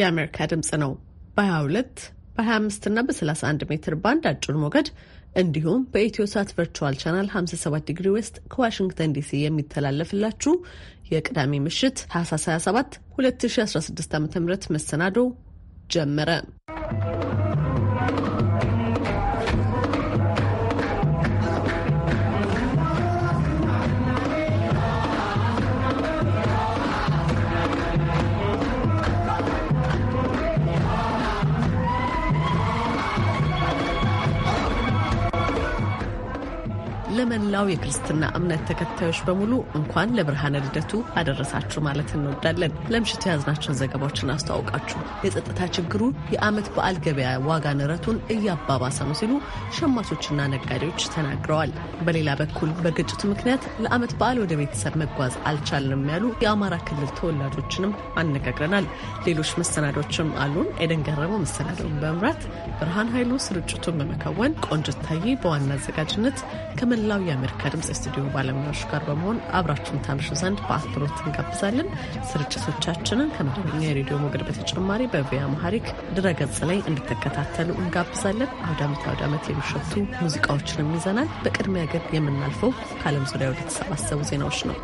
የአሜሪካ ድምፅ ነው። በ22 በ25 እና በ31 ሜትር ባንድ አጭር ሞገድ እንዲሁም በኢትዮ ሳት ቨርቹዋል ቻናል 57 ዲግሪ ውስጥ ከዋሽንግተን ዲሲ የሚተላለፍላችሁ የቅዳሜ ምሽት ታህሳስ 27 2016 ዓ ም መሰናዶ ጀመረ። ለመላው የክርስትና እምነት ተከታዮች በሙሉ እንኳን ለብርሃነ ልደቱ አደረሳችሁ ማለት እንወዳለን። ለምሽቱ የያዝናቸውን ዘገባዎችን አስተዋውቃችሁ የጸጥታ ችግሩ የአመት በዓል ገበያ ዋጋ ንረቱን እያባባሰ ነው ሲሉ ሸማቾችና ነጋዴዎች ተናግረዋል። በሌላ በኩል በግጭቱ ምክንያት ለአመት በዓል ወደ ቤተሰብ መጓዝ አልቻልንም ያሉ የአማራ ክልል ተወላጆችንም አነጋግረናል። ሌሎች መሰናዶችም አሉን። ኤደን ገረመው መሰናዶውን በመምራት ብርሃን ኃይሉ ስርጭቱን በመከወን ታዬ በዋና አዘጋጅነት ከመላ ከመላው የአሜሪካ ድምፅ የስቱዲዮ ባለሙያዎች ጋር በመሆን አብራችሁን ታምሹ ዘንድ በአክብሮት እንጋብዛለን። ስርጭቶቻችንን ከመደበኛ የሬዲዮ ሞገድ በተጨማሪ በቪያ መሀሪክ ድረገጽ ላይ እንድትከታተሉ እንጋብዛለን። አውዳመት አውዳመት የሚሸቱ ሙዚቃዎችንም ይዘናል። በቅድሚያ ግን የምናልፈው ከዓለም ዙሪያ ወደተሰባሰቡ ዜናዎች ነው።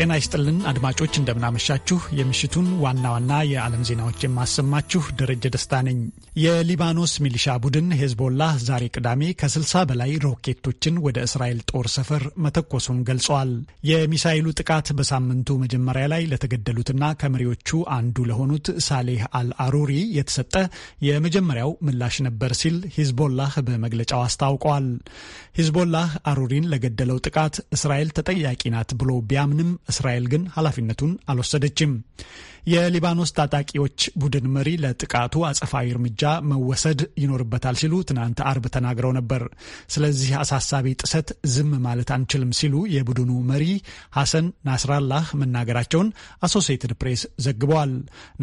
ጤና ይስጥልን አድማጮች፣ እንደምናመሻችሁ። የምሽቱን ዋና ዋና የዓለም ዜናዎች የማሰማችሁ ደረጀ ደስታ ነኝ። የሊባኖስ ሚሊሻ ቡድን ሄዝቦላህ ዛሬ ቅዳሜ ከ60 በላይ ሮኬቶችን ወደ እስራኤል ጦር ሰፈር መተኮሱን ገልጸዋል። የሚሳይሉ ጥቃት በሳምንቱ መጀመሪያ ላይ ለተገደሉትና ከመሪዎቹ አንዱ ለሆኑት ሳሌህ አልአሩሪ የተሰጠ የመጀመሪያው ምላሽ ነበር ሲል ሂዝቦላህ በመግለጫው አስታውቋል። ሂዝቦላህ አሩሪን ለገደለው ጥቃት እስራኤል ተጠያቂ ናት ብሎ ቢያምንም እስራኤል ግን ኃላፊነቱን አልወሰደችም። የሊባኖስ ታጣቂዎች ቡድን መሪ ለጥቃቱ አጸፋዊ እርምጃ መወሰድ ይኖርበታል ሲሉ ትናንት አርብ ተናግረው ነበር። ስለዚህ አሳሳቢ ጥሰት ዝም ማለት አንችልም ሲሉ የቡድኑ መሪ ሐሰን ናስራላህ መናገራቸውን አሶሴትድ ፕሬስ ዘግበዋል።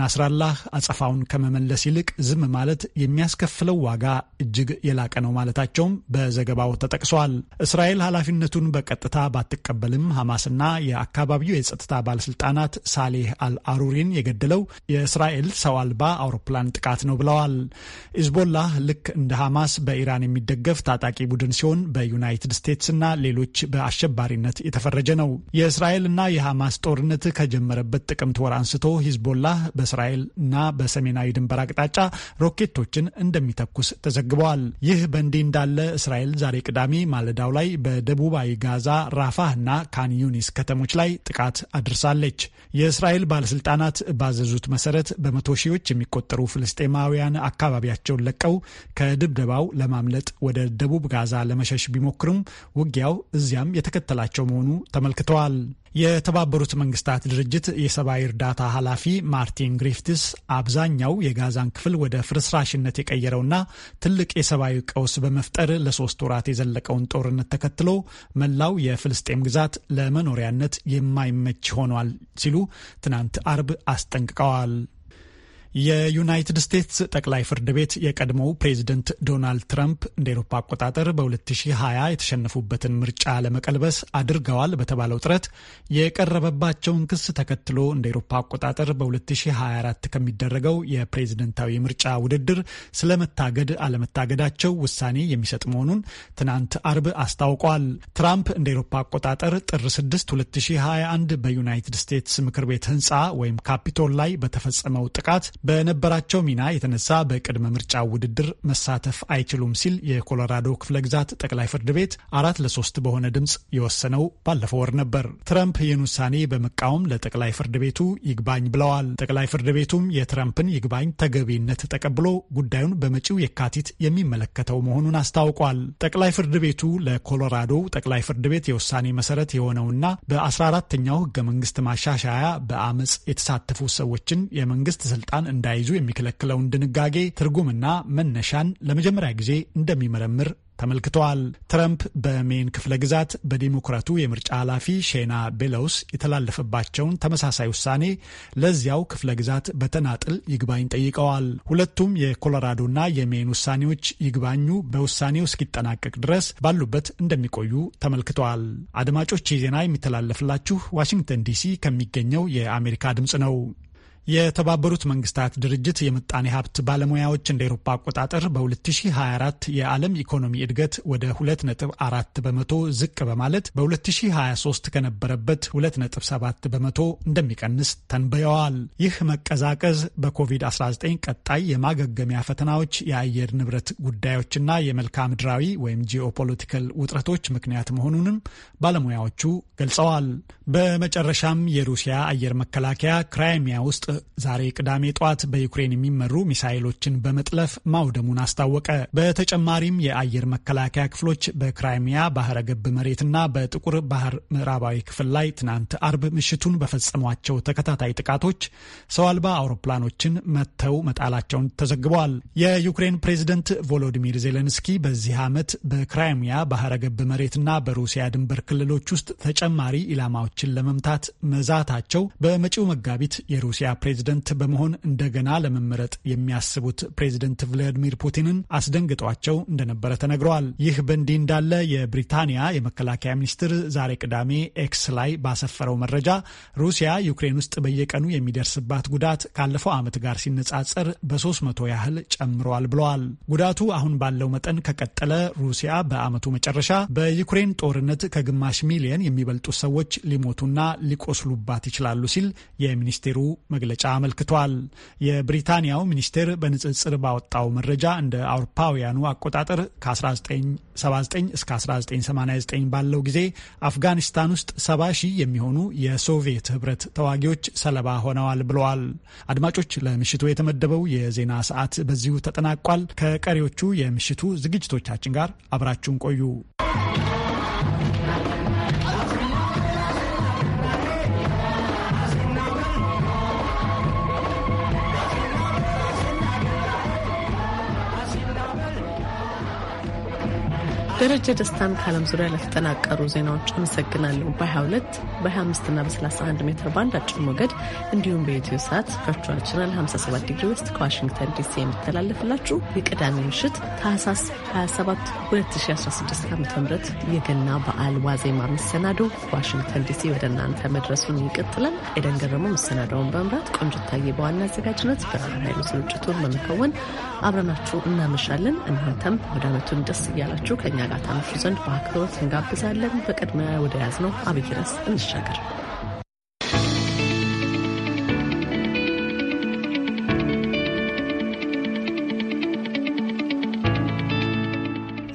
ናስራላህ አጸፋውን ከመመለስ ይልቅ ዝም ማለት የሚያስከፍለው ዋጋ እጅግ የላቀ ነው ማለታቸውም በዘገባው ተጠቅሷል። እስራኤል ኃላፊነቱን በቀጥታ ባትቀበልም ሐማስና የአካባቢው የጸጥታ ባለስልጣናት ሳሌህ አልአሩሪን ሰዎችን የገደለው የእስራኤል ሰው አልባ አውሮፕላን ጥቃት ነው ብለዋል። ሂዝቦላህ ልክ እንደ ሐማስ በኢራን የሚደገፍ ታጣቂ ቡድን ሲሆን በዩናይትድ ስቴትስና ሌሎች በአሸባሪነት የተፈረጀ ነው። የእስራኤልና የሐማስ ጦርነት ከጀመረበት ጥቅምት ወር አንስቶ ሂዝቦላህ በእስራኤልና በሰሜናዊ ድንበር አቅጣጫ ሮኬቶችን እንደሚተኩስ ተዘግበዋል። ይህ በእንዲህ እንዳለ እስራኤል ዛሬ ቅዳሜ ማለዳው ላይ በደቡባዊ ጋዛ ራፋህና ካንዩኒስ ከተሞች ላይ ጥቃት አድርሳለች። የእስራኤል ባለስልጣናት ባዘዙት መሰረት በመቶ ሺዎች የሚቆጠሩ ፍልስጤማውያን አካባቢያቸውን ለቀው ከድብደባው ለማምለጥ ወደ ደቡብ ጋዛ ለመሸሽ ቢሞክርም ውጊያው እዚያም የተከተላቸው መሆኑ ተመልክተዋል። የተባበሩት መንግስታት ድርጅት የሰብአዊ እርዳታ ኃላፊ ማርቲን ግሪፍትስ አብዛኛው የጋዛን ክፍል ወደ ፍርስራሽነት የቀየረውና ትልቅ የሰብአዊ ቀውስ በመፍጠር ለሶስት ወራት የዘለቀውን ጦርነት ተከትሎ መላው የፍልስጤም ግዛት ለመኖሪያነት የማይመች ሆኗል ሲሉ ትናንት አርብ አስጠንቅቀዋል። የዩናይትድ ስቴትስ ጠቅላይ ፍርድ ቤት የቀድሞው ፕሬዚደንት ዶናልድ ትራምፕ እንደ ኤሮፓ አቆጣጠር በ2020 የተሸነፉበትን ምርጫ ለመቀልበስ አድርገዋል በተባለው ጥረት የቀረበባቸውን ክስ ተከትሎ እንደ ኤሮፓ አቆጣጠር በ2024 ከሚደረገው የፕሬዝደንታዊ ምርጫ ውድድር ስለመታገድ አለመታገዳቸው ውሳኔ የሚሰጥ መሆኑን ትናንት አርብ አስታውቋል። ትራምፕ እንደ ኤሮፓ አቆጣጠር ጥር 6 2021 በዩናይትድ ስቴትስ ምክር ቤት ህንፃ ወይም ካፒቶል ላይ በተፈጸመው ጥቃት በነበራቸው ሚና የተነሳ በቅድመ ምርጫ ውድድር መሳተፍ አይችሉም ሲል የኮሎራዶ ክፍለ ግዛት ጠቅላይ ፍርድ ቤት አራት ለሶስት በሆነ ድምፅ የወሰነው ባለፈው ወር ነበር። ትረምፕ ይህን ውሳኔ በመቃወም ለጠቅላይ ፍርድ ቤቱ ይግባኝ ብለዋል። ጠቅላይ ፍርድ ቤቱም የትረምፕን ይግባኝ ተገቢነት ተቀብሎ ጉዳዩን በመጪው የካቲት የሚመለከተው መሆኑን አስታውቋል። ጠቅላይ ፍርድ ቤቱ ለኮሎራዶ ጠቅላይ ፍርድ ቤት የውሳኔ መሰረት የሆነውና በ14ተኛው ህገ መንግስት ማሻሻያ በአመፅ የተሳተፉ ሰዎችን የመንግስት ስልጣን እንዳይዙ የሚከለክለውን ድንጋጌ ትርጉምና መነሻን ለመጀመሪያ ጊዜ እንደሚመረምር ተመልክተዋል። ትረምፕ በሜን ክፍለ ግዛት በዲሞክራቱ የምርጫ ኃላፊ ሼና ቤለውስ የተላለፈባቸውን ተመሳሳይ ውሳኔ ለዚያው ክፍለ ግዛት በተናጥል ይግባኝ ጠይቀዋል። ሁለቱም የኮሎራዶና የሜን ውሳኔዎች ይግባኙ በውሳኔው እስኪጠናቀቅ ድረስ ባሉበት እንደሚቆዩ ተመልክተዋል። አድማጮች፣ ዜና የሚተላለፍላችሁ ዋሽንግተን ዲሲ ከሚገኘው የአሜሪካ ድምፅ ነው። የተባበሩት መንግስታት ድርጅት የምጣኔ ሀብት ባለሙያዎች እንደ ኤሮፓ አቆጣጠር በ2024 የዓለም ኢኮኖሚ እድገት ወደ 2.4 በመቶ ዝቅ በማለት በ2023 ከነበረበት 2.7 በመቶ እንደሚቀንስ ተንብየዋል። ይህ መቀዛቀዝ በኮቪድ-19 ቀጣይ የማገገሚያ ፈተናዎች፣ የአየር ንብረት ጉዳዮችና የመልክዓ ምድራዊ ወይም ጂኦፖለቲካል ውጥረቶች ምክንያት መሆኑንም ባለሙያዎቹ ገልጸዋል። በመጨረሻም የሩሲያ አየር መከላከያ ክራይሚያ ውስጥ ዛሬ ቅዳሜ ጠዋት በዩክሬን የሚመሩ ሚሳይሎችን በመጥለፍ ማውደሙን አስታወቀ። በተጨማሪም የአየር መከላከያ ክፍሎች በክራይሚያ ባህረ ገብ መሬትና በጥቁር ባህር ምዕራባዊ ክፍል ላይ ትናንት አርብ ምሽቱን በፈጸሟቸው ተከታታይ ጥቃቶች ሰው አልባ አውሮፕላኖችን መጥተው መጣላቸውን ተዘግበዋል። የዩክሬን ፕሬዝደንት ቮሎዲሚር ዜሌንስኪ በዚህ ዓመት በክራይሚያ ባህረ ገብ መሬትና በሩሲያ ድንበር ክልሎች ውስጥ ተጨማሪ ኢላማዎችን ለመምታት መዛታቸው በመጪው መጋቢት የሩሲያ ፕሬዝደንት በመሆን እንደገና ለመመረጥ የሚያስቡት ፕሬዝደንት ቭላዲሚር ፑቲንን አስደንግጧቸው እንደነበረ ተነግረዋል። ይህ በእንዲህ እንዳለ የብሪታንያ የመከላከያ ሚኒስትር ዛሬ ቅዳሜ ኤክስ ላይ ባሰፈረው መረጃ ሩሲያ ዩክሬን ውስጥ በየቀኑ የሚደርስባት ጉዳት ካለፈው ዓመት ጋር ሲነጻጸር በ300 ያህል ጨምረዋል ብለዋል። ጉዳቱ አሁን ባለው መጠን ከቀጠለ ሩሲያ በዓመቱ መጨረሻ በዩክሬን ጦርነት ከግማሽ ሚሊየን የሚበልጡ ሰዎች ሊሞቱና ሊቆስሉባት ይችላሉ ሲል የሚኒስቴሩ መግለጫ መግለጫ አመልክቷል። የብሪታንያው ሚኒስቴር በንጽጽር ባወጣው መረጃ እንደ አውሮፓውያኑ አቆጣጠር ከ1979 እስከ 1989 ባለው ጊዜ አፍጋኒስታን ውስጥ 70 ሺህ የሚሆኑ የሶቪየት ህብረት ተዋጊዎች ሰለባ ሆነዋል ብለዋል። አድማጮች፣ ለምሽቱ የተመደበው የዜና ሰዓት በዚሁ ተጠናቋል። ከቀሪዎቹ የምሽቱ ዝግጅቶቻችን ጋር አብራችሁን ቆዩ። ደረጀ ደስታን ከዓለም ዙሪያ ለተጠናቀሩ ዜናዎች አመሰግናለሁ። በ22 በ25 እና በ31 ሜትር ባንድ አጭር ሞገድ እንዲሁም በኢትዮ ሰዓት ቨርቹዋል ቻናል 57 ዲግሪ ውስጥ ከዋሽንግተን ዲሲ የሚተላለፍላችሁ የቅዳሜ ምሽት ታህሳስ 27 2016 ም የገና በዓል ዋዜማ መሰናዶ ዋሽንግተን ዲሲ ወደ እናንተ መድረሱን ይቀጥላል። ኤደን ገረሙ መሰናዶውን በመምራት ቆንጅታዬ በዋና አዘጋጅነት ብርሃን ኃይሉ ስርጭቱን በመከወን አብረናችሁ እናመሻለን። እናንተም ወደ አመቱን ደስ እያላችሁ ከኛ በማረጋጋት ታመሹ ዘንድ በአክብሮት እንጋብዛለን። በቅድሚያ ወደ ያዝነው አብይ ርዕስ እንሻገር።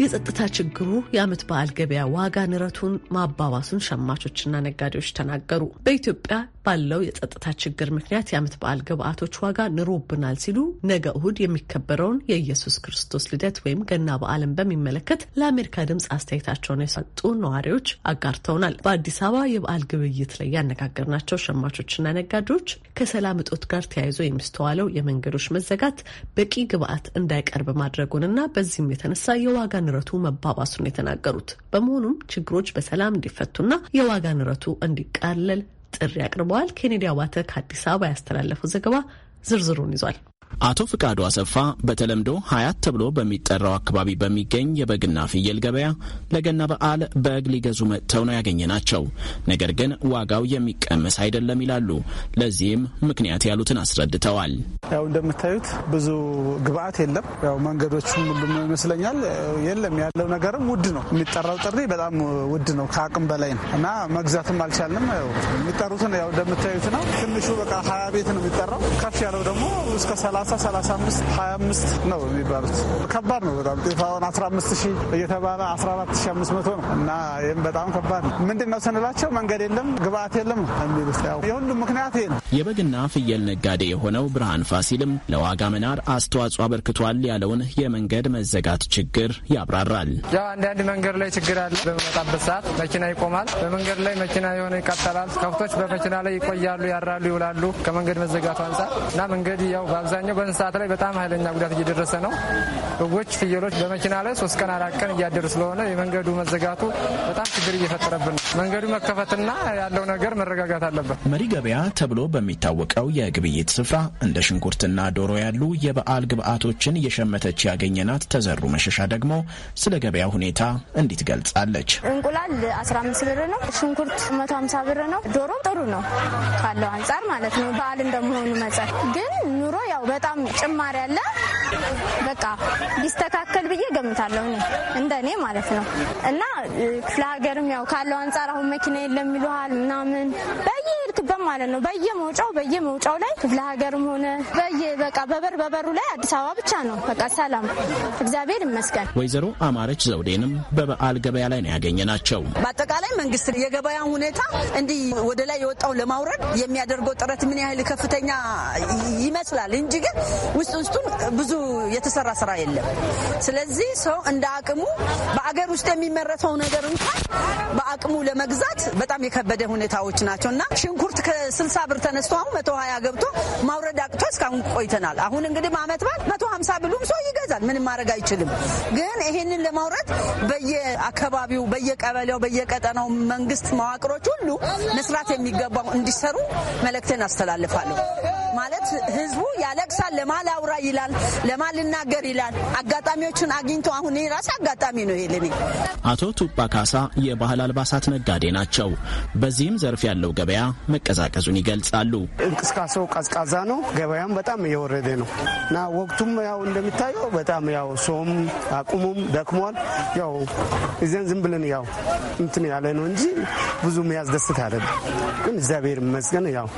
የጸጥታ ችግሩ የዓመት በዓል ገበያ ዋጋ ንረቱን ማባባሱን ሸማቾችና ነጋዴዎች ተናገሩ። በኢትዮጵያ ባለው የጸጥታ ችግር ምክንያት የዓመት በዓል ግብአቶች ዋጋ ንሮብናል ሲሉ ነገ እሁድ የሚከበረውን የኢየሱስ ክርስቶስ ልደት ወይም ገና በዓልን በሚመለከት ለአሜሪካ ድምፅ አስተያየታቸውን የሰጡ ነዋሪዎች አጋርተውናል። በአዲስ አበባ የበዓል ግብይት ላይ ያነጋገርናቸው ሸማቾችና ነጋዴዎች ከሰላም እጦት ጋር ተያይዞ የሚስተዋለው የመንገዶች መዘጋት በቂ ግብአት እንዳይቀርብ ማድረጉንና በዚህም የተነሳ የዋጋ ንረቱ መባባሱን የተናገሩት በመሆኑም ችግሮች በሰላም እንዲፈቱና የዋጋ ንረቱ እንዲቃለል ጥሪ አቅርበዋል። ኬኔዲ አባተ ከአዲስ አበባ ያስተላለፈው ዘገባ ዝርዝሩን ይዟል። አቶ ፍቃዱ አሰፋ በተለምዶ ሀያት ተብሎ በሚጠራው አካባቢ በሚገኝ የበግና ፍየል ገበያ ለገና በዓል በግ ሊገዙ መጥተው ነው ያገኘ ናቸው። ነገር ግን ዋጋው የሚቀመስ አይደለም ይላሉ። ለዚህም ምክንያት ያሉትን አስረድተዋል። ያው እንደምታዩት ብዙ ግብአት የለም። ያው መንገዶችም ሁሉም ይመስለኛል የለም። ያለው ነገርም ውድ ነው። የሚጠራው ጥሪ በጣም ውድ ነው፣ ከአቅም በላይ ነው እና መግዛትም አልቻልንም። የሚጠሩትን ያው እንደምታዩት ነው። ትንሹ በቃ ሀያ ቤት ነው የሚጠራው። ከፍ ያለው ደግሞ እስከ ሰላ 30 35 25 ነው የሚባሉት። ከባድ ነው በጣም ጤፋውን 15 ሺህ እየተባለ 14500 ነው እና ይህም በጣም ከባድ ነው። ምንድን ነው ስንላቸው መንገድ የለም ግብአት የለም የሚሉት ያው የሁሉም ምክንያት ይሄ ነው። የበግና ፍየል ነጋዴ የሆነው ብርሃን ፋሲልም ለዋጋ መናር አስተዋጽኦ አበርክቷል ያለውን የመንገድ መዘጋት ችግር ያብራራል። ያው አንዳንድ መንገድ ላይ ችግር አለ። በመጣበት ሰዓት መኪና ይቆማል። በመንገድ ላይ መኪና የሆነ ይቀጠላል። ከብቶች በመኪና ላይ ይቆያሉ፣ ያራሉ፣ ይውላሉ ከመንገድ መዘጋቱ አንጻር እና መንገድ ያው በአብዛኛው አብዛኛው በእንስሳት ላይ በጣም ኃይለኛ ጉዳት እየደረሰ ነው። በጎች፣ ፍየሎች በመኪና ላይ ሶስት ቀን አራት ቀን እያደሩ ስለሆነ የመንገዱ መዘጋቱ በጣም ችግር እየፈጠረብን ነው። መንገዱ መከፈትና ያለው ነገር መረጋጋት አለበት። መሪ ገበያ ተብሎ በሚታወቀው የግብይት ስፍራ እንደ ሽንኩርትና ዶሮ ያሉ የበዓል ግብዓቶችን እየሸመተች ያገኘናት ተዘሩ መሸሻ ደግሞ ስለ ገበያ ሁኔታ እንዲት ገልጻለች። እንቁላል 15 ብር ነው። ሽንኩርት 150 ብር ነው። ዶሮ ጥሩ ነው ካለው አንጻር ማለት ነው። በዓል እንደመሆኑ መጸን ግን ኑሮ ያው በጣም ጭማሪ አለ። በቃ ቢስተካከል ብዬ ገምታለሁ እኔ እንደ እኔ ማለት ነው። እና ክፍለ ሀገርም ያው ካለው አንጻር አሁን መኪና የለም ይሉሃል ምናምን በየሄድክበት ማለት ነው በየመውጫው በየመውጫው ላይ ክፍለ ሀገርም ሆነ በየ በቃ በበር በበሩ ላይ አዲስ አበባ ብቻ ነው በቃ ሰላም እግዚአብሔር ይመስገን። ወይዘሮ አማረች ዘውዴንም በበዓል ገበያ ላይ ነው ያገኘ ናቸው። በአጠቃላይ መንግስት የገበያ ሁኔታ እንዲህ ወደ ላይ የወጣው ለማውረድ የሚያደርገው ጥረት ምን ያህል ከፍተኛ ይመስላል እንጂ ግን ውስጥ ውስጡን ብዙ የተሰራ ስራ የለም። ስለዚህ ሰው እንደ አቅሙ በአገር ውስጥ የሚመረተው ነገር እንኳን በአቅሙ ለመግዛት በጣም የከበደ ሁኔታዎች ናቸው እና ሽንኩርት ከስልሳ ብር ተነስቶ አሁን መቶ ሀያ ገብቶ ማውረድ አቅቶ እስካሁን ቆይተናል። አሁን እንግዲህ አመት በዓል መቶ ሀምሳ ብሉም ሰው ይገዛል፣ ምንም ማድረግ አይችልም። ግን ይሄንን ለማውረድ በየአካባቢው በየቀበሌው በየቀጠናው መንግስት መዋቅሮች ሁሉ መስራት የሚገባው እንዲሰሩ መልእክቴን አስተላልፋለሁ። ማለት ህዝቡ ያለቅሳል፣ ለማላውራ ይላል፣ ለማልናገር ይላል። አጋጣሚዎቹን አግኝቶ አሁን ራስ አጋጣሚ ነው ይል አቶ ቱጳ ካሳ የባህል አልባሳት ነጋዴ ናቸው። በዚህም ዘርፍ ያለው ገበያ መቀዛቀዙን ይገልጻሉ። እንቅስቃሴው ቀዝቃዛ ነው፣ ገበያም በጣም እየወረደ ነው እና ወቅቱም ያው እንደሚታየው በጣም ያው ሰውም አቁሙም ደክሟል። ያው እዚያን ዝም ብለን ያው እንትን ያለ ነው እንጂ ብዙ የሚያስደስት አይደለም። ግን እግዚአብሔር ይመስገን ያው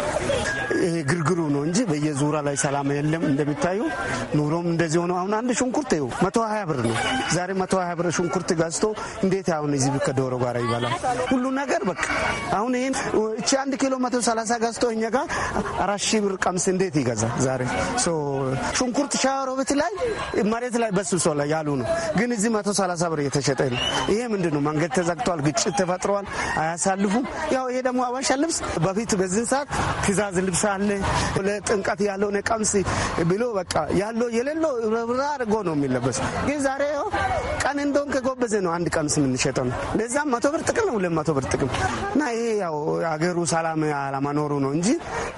ይሄ ግርግሩ ነው እንጂ በየዙራ ላይ ሰላም የለም። እንደሚታዩ ኑሮም እንደዚህ ሆነ። አሁን አንድ ሽንኩርት ይኸው መቶ ሀያ ብር ነው። ዛሬ መቶ ሀያ ብር ሽንኩርት ገዝቶ እንዴት አሁን እዚህ ከዶሮ ጋር ይበላል? ሁሉ ነገር በቃ አሁን ይህን እቺ አንድ ኪሎ መቶ ሰላሳ ገዝቶ እኛ ጋር አራት ሺህ ብር ቀምስ እንዴት ይገዛል? ዛሬ ሽንኩርት ሻሮቤት ላይ መሬት ላይ በስብሶ ላይ ያሉ ነው፣ ግን እዚህ መቶ ሰላሳ ብር እየተሸጠ ነው። ይሄ ምንድን ነው? መንገድ ተዘግተዋል፣ ግጭት ተፈጥረዋል፣ አያሳልፉም። ያው ይሄ ደግሞ አባሻ ልብስ በፊት በዚህን ሰዓት ትእዛዝ ልብስ አለ ጥምቀት ያለውን ቀምስ ብሎ በቃ ያለው የሌለው ረብራ አድርጎ ነው የሚለበስ። ግን ዛሬ ቀን እንደሆን ከጎበዘ ነው አንድ ቀምስ የምንሸጠው ነው። ለዛም መቶ ብር ጥቅም ነው፣ ሁለት መቶ ብር ጥቅም እና ይሄ ያው ሀገሩ ሰላም አለመኖሩ ነው እንጂ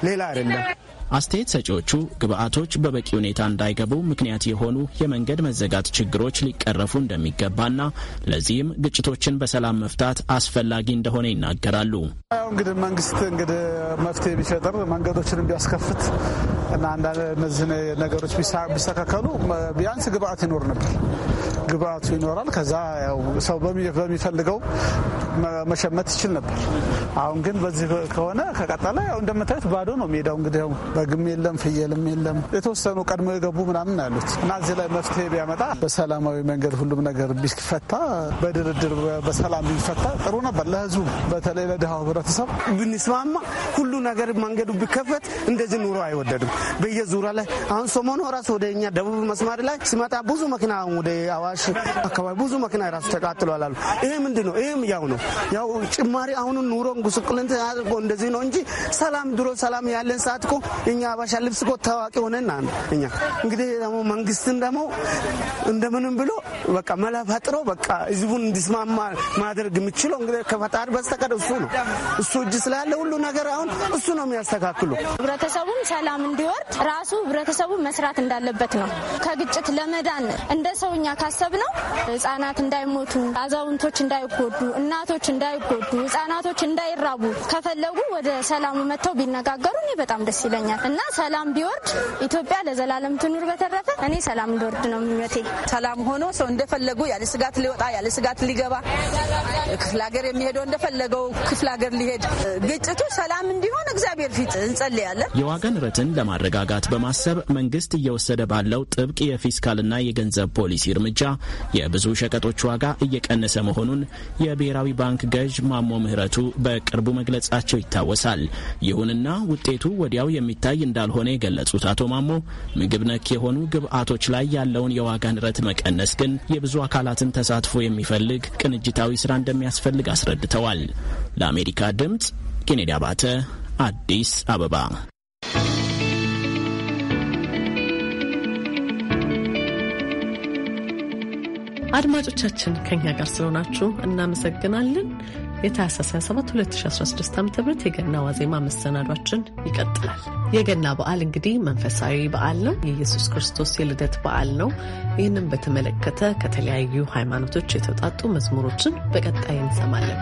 ሌላ አይደለም። አስተያየት ሰጪዎቹ ግብአቶች በበቂ ሁኔታ እንዳይገቡ ምክንያት የሆኑ የመንገድ መዘጋት ችግሮች ሊቀረፉ እንደሚገባና ለዚህም ግጭቶችን በሰላም መፍታት አስፈላጊ እንደሆነ ይናገራሉ። እንግዲህ መንግስት እንግዲህ መፍትሄ ቢፈጥር መንገዶችንም ቢያስከፍት እና አንዳንድ እነዚህ ነገሮች ቢስተካከሉ ቢያንስ ግብአት ይኖር ነበር። ግብአቱ ይኖራል። ከዛ ያው ሰው በሚፈልገው መሸመት ይችል ነበር። አሁን ግን በዚህ ከሆነ ከቀጠለ ያው እንደምታዩት ባዶ ነው ሜዳው። እንግዲህ በግም የለም ፍየልም የለም። የተወሰኑ ቀድሞ የገቡ ምናምን ያሉት እና እዚህ ላይ መፍትሄ ቢያመጣ በሰላማዊ መንገድ ሁሉም ነገር ቢፈታ በድርድር በሰላም ቢፈታ ጥሩ ነበር። ለህዝቡ በተለይ ለድሃው ህብረተሰብ ብንስማማ ሁሉ ነገር መንገዱ ቢከፈት እንደዚህ ኑሮ አይወደድም። በየዙሪያ ላይ አሁን ሰሞኑ ራሱ ወደ እኛ ደቡብ መስማር ላይ ሲመጣ ብዙ መኪና ወደ አዋ ራሱ አካባቢ ብዙ መኪና ራሱ ተቃጥሏል አሉ። ይሄ ምንድን ነው? ይሄም ያው ነው ያው ጭማሪ አሁኑን ኑሮ ጉስቁልንት አድርጎ እንደዚህ ነው እንጂ ሰላም ድሮ ሰላም ያለን ሰዓት እኮ እኛ አባሻ ልብስ እኮ ታዋቂ ሆነና እኛ እንግዲህ ደግሞ መንግስትን ደግሞ እንደምንም ብሎ በቃ መላ ፈጥሮ በቃ ህዝቡን እንዲስማማ ማድረግ የምችለው እንግዲህ ከፈጣሪ በስተቀር እሱ ነው። እሱ እጅ ስላለ ሁሉ ነገር አሁን እሱ ነው የሚያስተካክሉ። ህብረተሰቡም ሰላም እንዲወርድ ራሱ ህብረተሰቡ መስራት እንዳለበት ነው ከግጭት ለመዳን እንደ ሰውኛ ካሰ ማህበረሰብ ነው። ህጻናት እንዳይሞቱ፣ አዛውንቶች እንዳይጎዱ፣ እናቶች እንዳይጎዱ፣ ህጻናቶች እንዳይራቡ ከፈለጉ ወደ ሰላሙ መጥተው ቢነጋገሩ እኔ በጣም ደስ ይለኛል እና ሰላም ቢወርድ ኢትዮጵያ ለዘላለም ትኑር። በተረፈ እኔ ሰላም እንደወርድ ነው ምኞቴ። ሰላም ሆኖ ሰው እንደፈለጉ ያለ ስጋት ሊወጣ ያለ ስጋት ሊገባ ክፍለ ሀገር የሚሄደው እንደፈለገው ክፍለ ሀገር ሊሄድ ግጭቱ ሰላም እንዲሆን እግዚአብሔር ፊት እንጸልያለን። የዋጋ ንረትን ለማረጋጋት በማሰብ መንግስት እየወሰደ ባለው ጥብቅ የፊስካልና የገንዘብ ፖሊሲ እርምጃ የብዙ ሸቀጦች ዋጋ እየቀነሰ መሆኑን የብሔራዊ ባንክ ገዥ ማሞ ምህረቱ በቅርቡ መግለጻቸው ይታወሳል። ይሁንና ውጤቱ ወዲያው የሚታይ እንዳልሆነ የገለጹት አቶ ማሞ ምግብ ነክ የሆኑ ግብዓቶች ላይ ያለውን የዋጋ ንረት መቀነስ ግን የብዙ አካላትን ተሳትፎ የሚፈልግ ቅንጅታዊ ስራ እንደሚያስፈልግ አስረድተዋል። ለአሜሪካ ድምጽ ኬኔዲ አባተ አዲስ አበባ አድማጮቻችን ከኛ ጋር ስለሆናችሁ እናመሰግናለን። የታህሳስ 27 2016 ዓ ም የገና ዋዜማ መሰናዷችን ይቀጥላል። የገና በዓል እንግዲህ መንፈሳዊ በዓል ነው። የኢየሱስ ክርስቶስ የልደት በዓል ነው። ይህንም በተመለከተ ከተለያዩ ሃይማኖቶች የተውጣጡ መዝሙሮችን በቀጣይ እንሰማለን።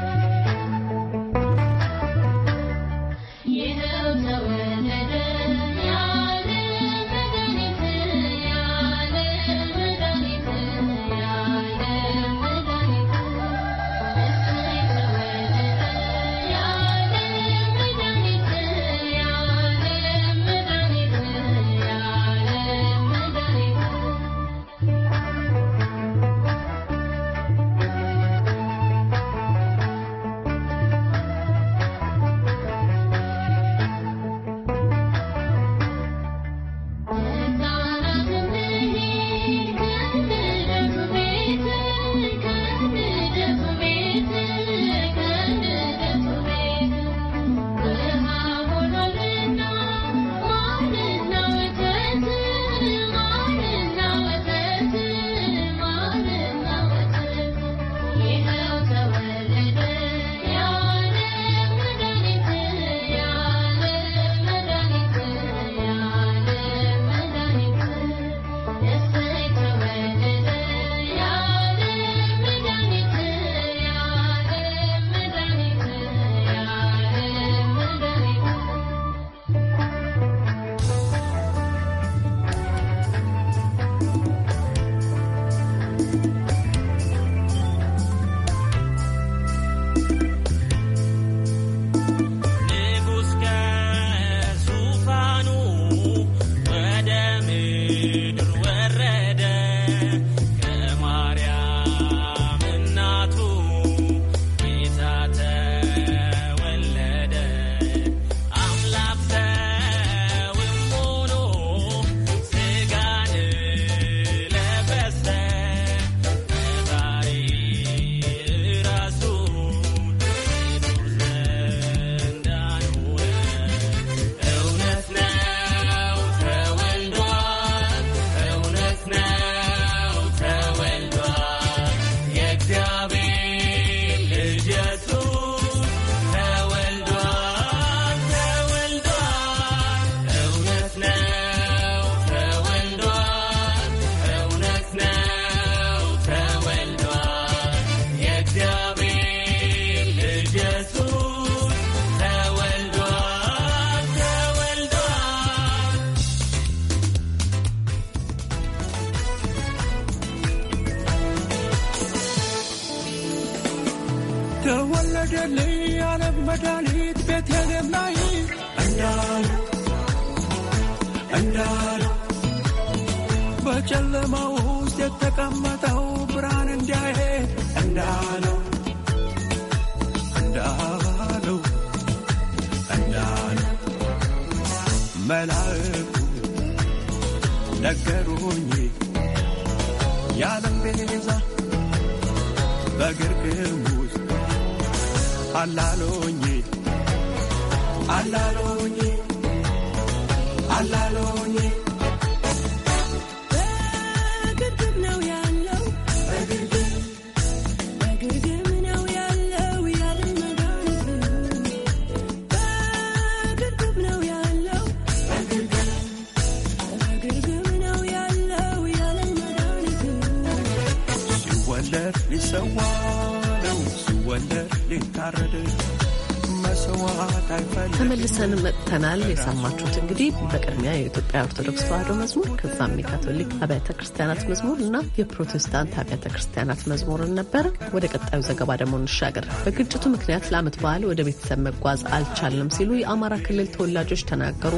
ተመልሰን መጥተናል። የሰማችሁት እንግዲህ በቅድሚያ የኢትዮጵያ ኦርቶዶክስ ተዋህዶ መዝሙር፣ ከዛም የካቶሊክ አብያተ ክርስቲያናት መዝሙር እና የፕሮቴስታንት አብያተ ክርስቲያናት መዝሙርን ነበረ። ወደ ቀጣዩ ዘገባ ደግሞ እንሻገር። በግጭቱ ምክንያት ለዓመት በዓል ወደ ቤተሰብ መጓዝ አልቻለም ሲሉ የአማራ ክልል ተወላጆች ተናገሩ።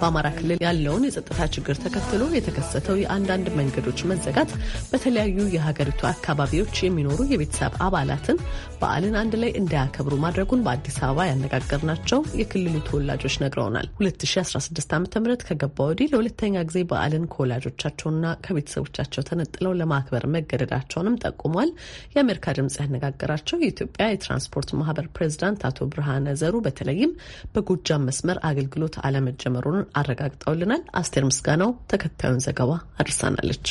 በአማራ ክልል ያለውን የጸጥታ ችግር ተከትሎ የተከሰተው የአንዳንድ መንገዶች መዘጋት በተለያዩ የሀገሪቱ አካባቢዎች የሚኖሩ የቤተሰብ አባላትን በዓልን አንድ ላይ እንዳያከብሩ ማድረጉን በአዲስ አበባ ያነጋገርናቸው የክልሉ የክልሉ ተወላጆች ነግረውናል። 2016 ዓ ም ከገባ ወዲህ ለሁለተኛ ጊዜ በዓልን ከወላጆቻቸውና ከቤተሰቦቻቸው ተነጥለው ለማክበር መገደዳቸውንም ጠቁሟል። የአሜሪካ ድምጽ ያነጋገራቸው የኢትዮጵያ የትራንስፖርት ማህበር ፕሬዚዳንት አቶ ብርሃነ ዘሩ በተለይም በጎጃም መስመር አገልግሎት አለመጀመሩን አረጋግጠውልናል። አስቴር ምስጋናው ተከታዩን ዘገባ አድርሳናለች።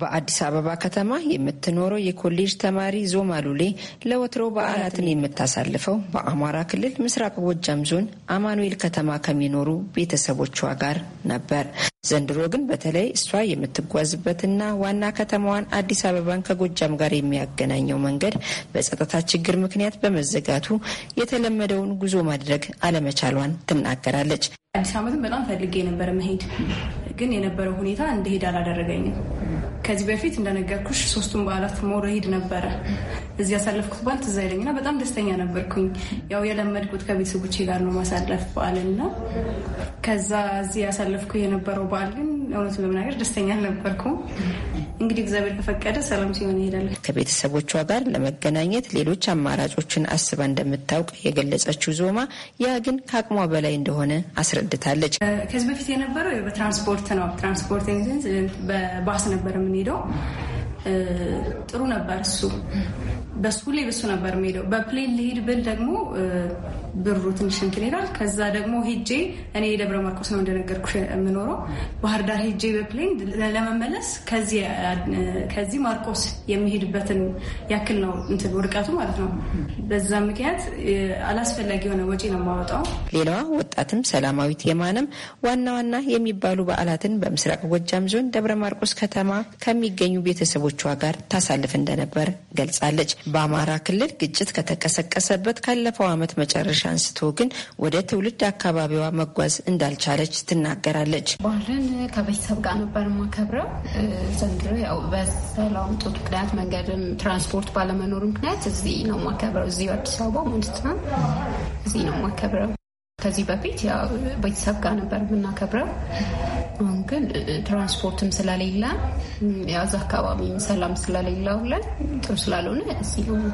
በአዲስ አበባ ከተማ የምትኖረው የኮሌጅ ተማሪ ዞማ ሉሌ ለወትሮ በዓላትን የምታሳልፈው በአማራ ክልል ምስራቅ ጎጃም ዞን አማኑኤል ከተማ ከሚኖሩ ቤተሰቦቿ ጋር ነበር። ዘንድሮ ግን በተለይ እሷ የምትጓዝበትና ዋና ከተማዋን አዲስ አበባን ከጎጃም ጋር የሚያገናኘው መንገድ በጸጥታ ችግር ምክንያት በመዘጋቱ የተለመደውን ጉዞ ማድረግ አለመቻሏን ትናገራለች። አዲስ ዓመትን በጣም ፈልጌ ነበር መሄድ ግን የነበረው ሁኔታ እንደሄድ አላደረገኝም። ከዚህ በፊት እንደነገርኩሽ ሶስቱን በዓላት መውረሂድ ነበረ። እዚህ ያሳለፍኩት በዓል ትዝ አይለኝና በጣም ደስተኛ ነበርኩኝ። ያው የለመድኩት ከቤተሰቦቼ ጋር ነው ማሳለፍ በዓልና ከዛ እዚህ ያሳለፍኩ የነበረው በዓል ግን እውነቱን ለመናገር ደስተኛ አልነበርኩም። እንግዲህ እግዚአብሔር ከፈቀደ ሰላም ሲሆን ይሄዳለን። ከቤተሰቦቿ ጋር ለመገናኘት ሌሎች አማራጮችን አስባ እንደምታውቅ የገለጸችው ዞማ ያ ግን ከአቅሟ በላይ እንደሆነ አስረድታለች። ከዚህ በፊት የነበረው በትራንስፖርት ነው። ትራንስፖርት በባስ ነበር የምንሄደው። ጥሩ ነበር እሱ በሱ ላይ በሱ ነበር የምሄደው። በፕሌን ልሄድ ብል ደግሞ ብሩ ትንሽ እንትን ይላል። ከዛ ደግሞ ሄጄ እኔ የደብረ ማርቆስ ነው እንደነገርኩሽ የምኖረው ባህር ዳር ሄጄ በፕሌን ለመመለስ ከዚህ ማርቆስ የሚሄድበትን ያክል ነው እንትን ውድቀቱ ማለት ነው። በዛ ምክንያት አላስፈላጊ የሆነ ወጪ ነው የማወጣው። ሌላዋ ወጣትም ሰላማዊት የማነም ዋና ዋና የሚባሉ በዓላትን በምስራቅ ጎጃም ዞን ደብረ ማርቆስ ከተማ ከሚገኙ ቤተሰቦቿ ጋር ታሳልፍ እንደነበር ገልጻለች። በአማራ ክልል ግጭት ከተቀሰቀሰበት ካለፈው ዓመት መጨረሻ ከቆሻሻ አንስቶ ግን ወደ ትውልድ አካባቢዋ መጓዝ እንዳልቻለች ትናገራለች። ባህልን ከቤተሰብ ጋር ነበር የማከብረው። ዘንድሮ ያው በሰላም እጦት ምክንያት መንገድም ትራንስፖርት ባለመኖሩ ምክንያት እዚህ ነው ማከብረው። እዚህ አዲስ አበባ ማለት ነው። እዚህ ነው የማከብረው። ከዚህ በፊት ቤተሰብ ጋር ነበር የምናከብረው። አሁን ግን ትራንስፖርትም ስለሌለ ያዝ አካባቢ ሰላም ስለሌለ ሁለን ጥሩ ስላልሆነ እዚህ ነው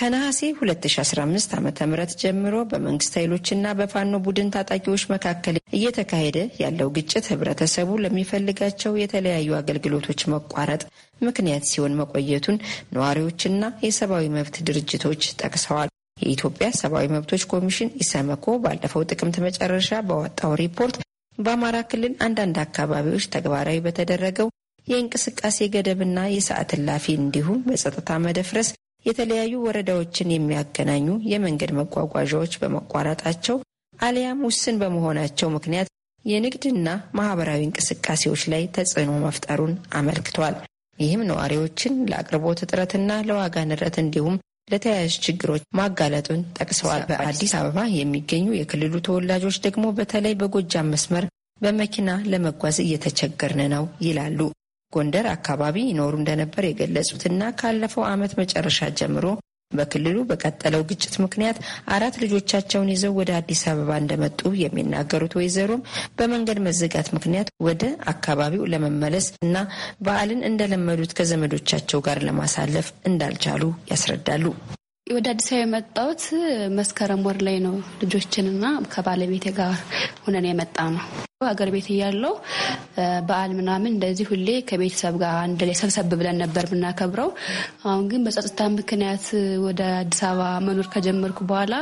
ከነሐሴ 2015 ዓ ም ጀምሮ በመንግስት ኃይሎችና በፋኖ ቡድን ታጣቂዎች መካከል እየተካሄደ ያለው ግጭት ህብረተሰቡ ለሚፈልጋቸው የተለያዩ አገልግሎቶች መቋረጥ ምክንያት ሲሆን መቆየቱን ነዋሪዎችና የሰብአዊ መብት ድርጅቶች ጠቅሰዋል። የኢትዮጵያ ሰብአዊ መብቶች ኮሚሽን ኢሰመኮ ባለፈው ጥቅምት መጨረሻ በወጣው ሪፖርት በአማራ ክልል አንዳንድ አካባቢዎች ተግባራዊ በተደረገው የእንቅስቃሴ ገደብና የሰዓት እላፊ እንዲሁም በጸጥታ መደፍረስ የተለያዩ ወረዳዎችን የሚያገናኙ የመንገድ መጓጓዣዎች በመቋረጣቸው አሊያም ውስን በመሆናቸው ምክንያት የንግድና ማህበራዊ እንቅስቃሴዎች ላይ ተጽዕኖ መፍጠሩን አመልክቷል። ይህም ነዋሪዎችን ለአቅርቦት እጥረትና ለዋጋ ንረት እንዲሁም ለተያያዥ ችግሮች ማጋለጡን ጠቅሰዋል። በአዲስ አበባ የሚገኙ የክልሉ ተወላጆች ደግሞ በተለይ በጎጃም መስመር በመኪና ለመጓዝ እየተቸገርን ነው ይላሉ። ጎንደር አካባቢ ይኖሩ እንደነበር የገለጹትና ካለፈው ዓመት መጨረሻ ጀምሮ በክልሉ በቀጠለው ግጭት ምክንያት አራት ልጆቻቸውን ይዘው ወደ አዲስ አበባ እንደመጡ የሚናገሩት ወይዘሮም በመንገድ መዘጋት ምክንያት ወደ አካባቢው ለመመለስ እና በዓልን እንደለመዱት ከዘመዶቻቸው ጋር ለማሳለፍ እንዳልቻሉ ያስረዳሉ። ወደ አዲስ አበባ የመጣሁት መስከረም ወር ላይ ነው። ልጆችንና ከባለቤቴ ጋር ሆነን የመጣ ነው። ሀገር ቤት እያለው በዓል ምናምን እንደዚህ ሁሌ ከቤተሰብ ጋር አንድ ላይ ሰብሰብ ብለን ነበር የምናከብረው። አሁን ግን በጸጥታ ምክንያት ወደ አዲስ አበባ መኖር ከጀመርኩ በኋላ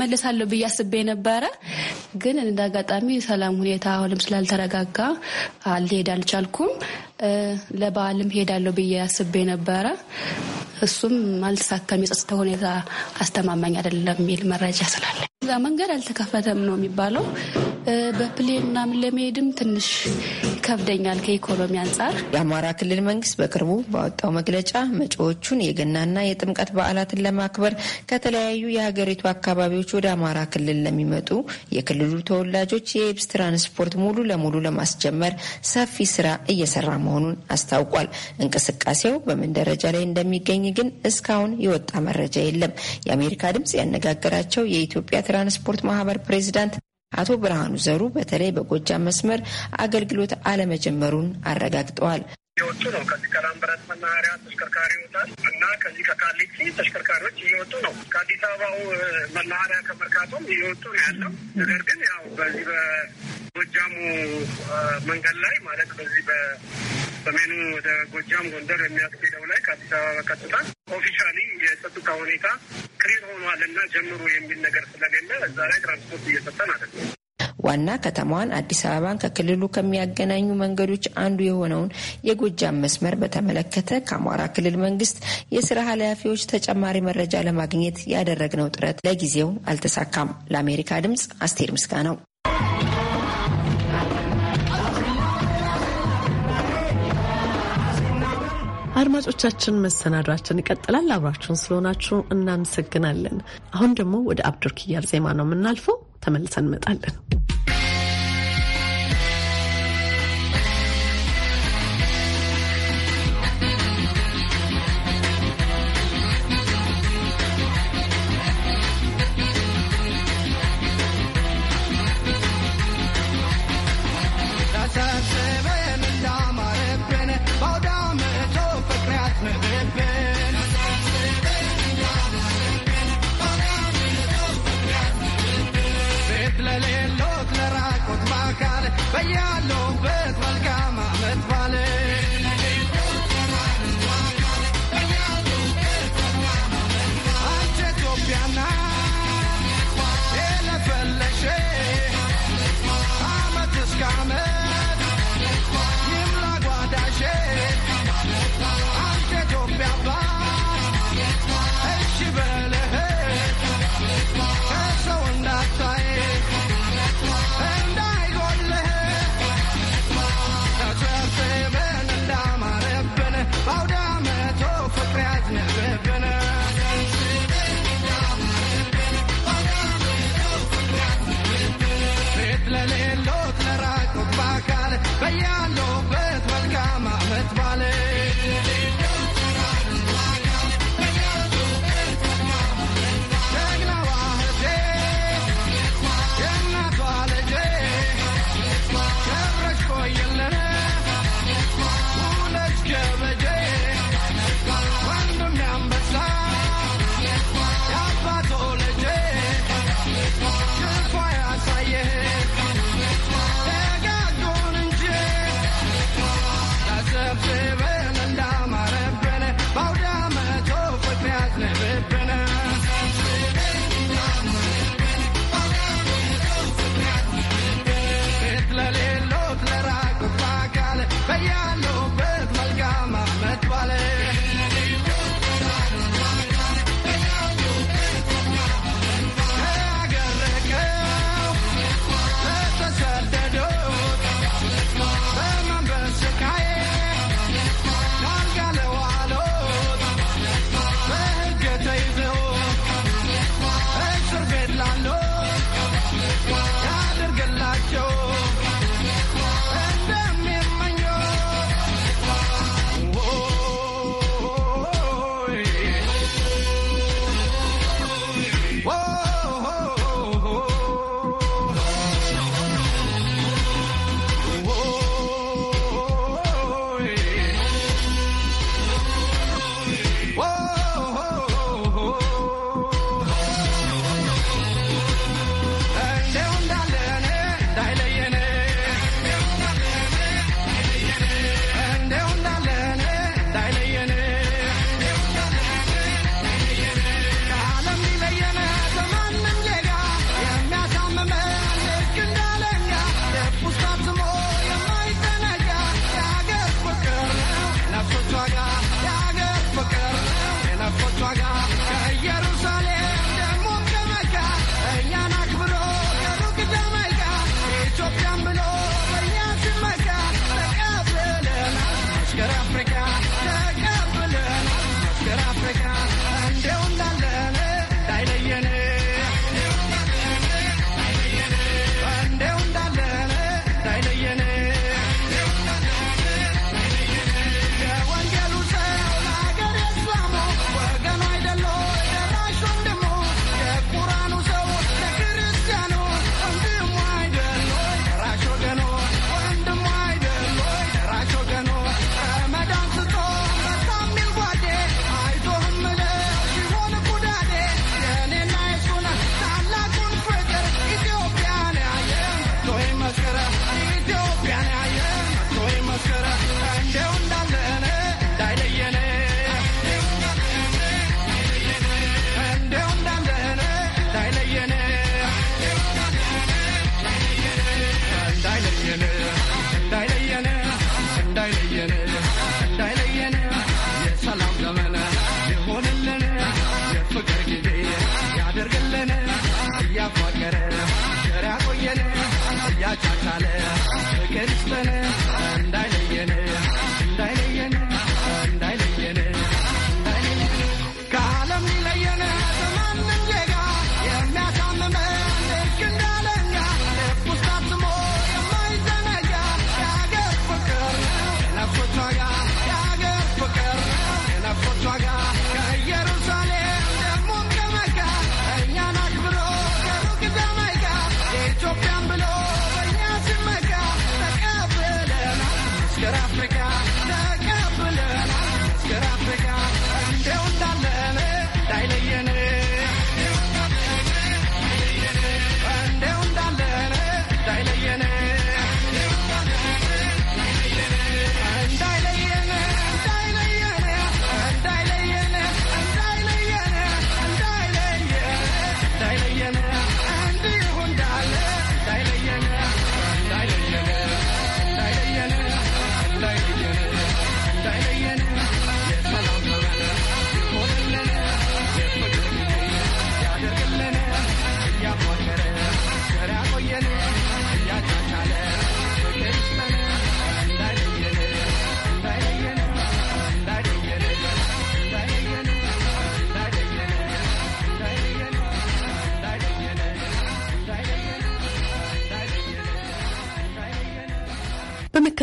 መለሳለሁ ብዬ አስቤ ነበረ። ግን እንደ አጋጣሚ ሰላም ሁኔታ አሁንም ስላልተረጋጋ ልሄድ አልቻልኩም። ለበዓልም ሄዳለሁ ብዬ አስቤ ነበረ። እሱም አልተሳካም። የጸጥታ ሁኔታ አስተማማኝ አይደለም የሚል መረጃ ስላለ እዛ መንገድ አልተከፈተም ነው የሚባለው። በፕሌን ምናምን ለመሄድም ትንሽ ይከብደኛል ከኢኮኖሚ አንጻር። የአማራ ክልል መንግስት በቅርቡ ባወጣው መግለጫ መጪዎቹን የገናና የጥምቀት በዓላትን ለማክበር ከተለያዩ የሀገሪቱ አካባቢዎች ዜጎች ወደ አማራ ክልል ለሚመጡ የክልሉ ተወላጆች የኤብስ ትራንስፖርት ሙሉ ለሙሉ ለማስጀመር ሰፊ ስራ እየሰራ መሆኑን አስታውቋል። እንቅስቃሴው በምን ደረጃ ላይ እንደሚገኝ ግን እስካሁን የወጣ መረጃ የለም። የአሜሪካ ድምጽ ያነጋገራቸው የኢትዮጵያ ትራንስፖርት ማህበር ፕሬዚዳንት አቶ ብርሃኑ ዘሩ በተለይ በጎጃም መስመር አገልግሎት አለመጀመሩን አረጋግጠዋል። እየወጡ ነው። ከዚህ ከላምበረት መናኸሪያ ተሽከርካሪ ይወጣል እና ከዚህ ከቃሊቲ ተሽከርካሪዎች እየወጡ ነው። ከአዲስ አበባው መናኸሪያ ከመርካቶም እየወጡ ነው ያለው። ነገር ግን ያው በዚህ በጎጃሙ መንገድ ላይ ማለት በዚህ በሰሜኑ ወደ ጎጃም ጎንደር የሚያስሄደው ላይ ከአዲስ አበባ በቀጥታ ኦፊሻሊ የጸጥታ ሁኔታ ክሊር ሆኗል እና ጀምሩ የሚል ነገር ስለሌለ እዛ ላይ ትራንስፖርት እየሰጠን ነው። ዋና ከተማዋን አዲስ አበባን ከክልሉ ከሚያገናኙ መንገዶች አንዱ የሆነውን የጎጃም መስመር በተመለከተ ከአማራ ክልል መንግስት የስራ ኃላፊዎች ተጨማሪ መረጃ ለማግኘት ያደረግነው ጥረት ለጊዜው አልተሳካም። ለአሜሪካ ድምጽ አስቴር ነው። አድማጮቻችን መሰናዷችን ይቀጥላል። አብራችሁን ስለሆናችሁ እናመሰግናለን። አሁን ደግሞ ወደ አብዱር ኪያር ዜማ ነው የምናልፈው። ተመልሰን እንመጣለን።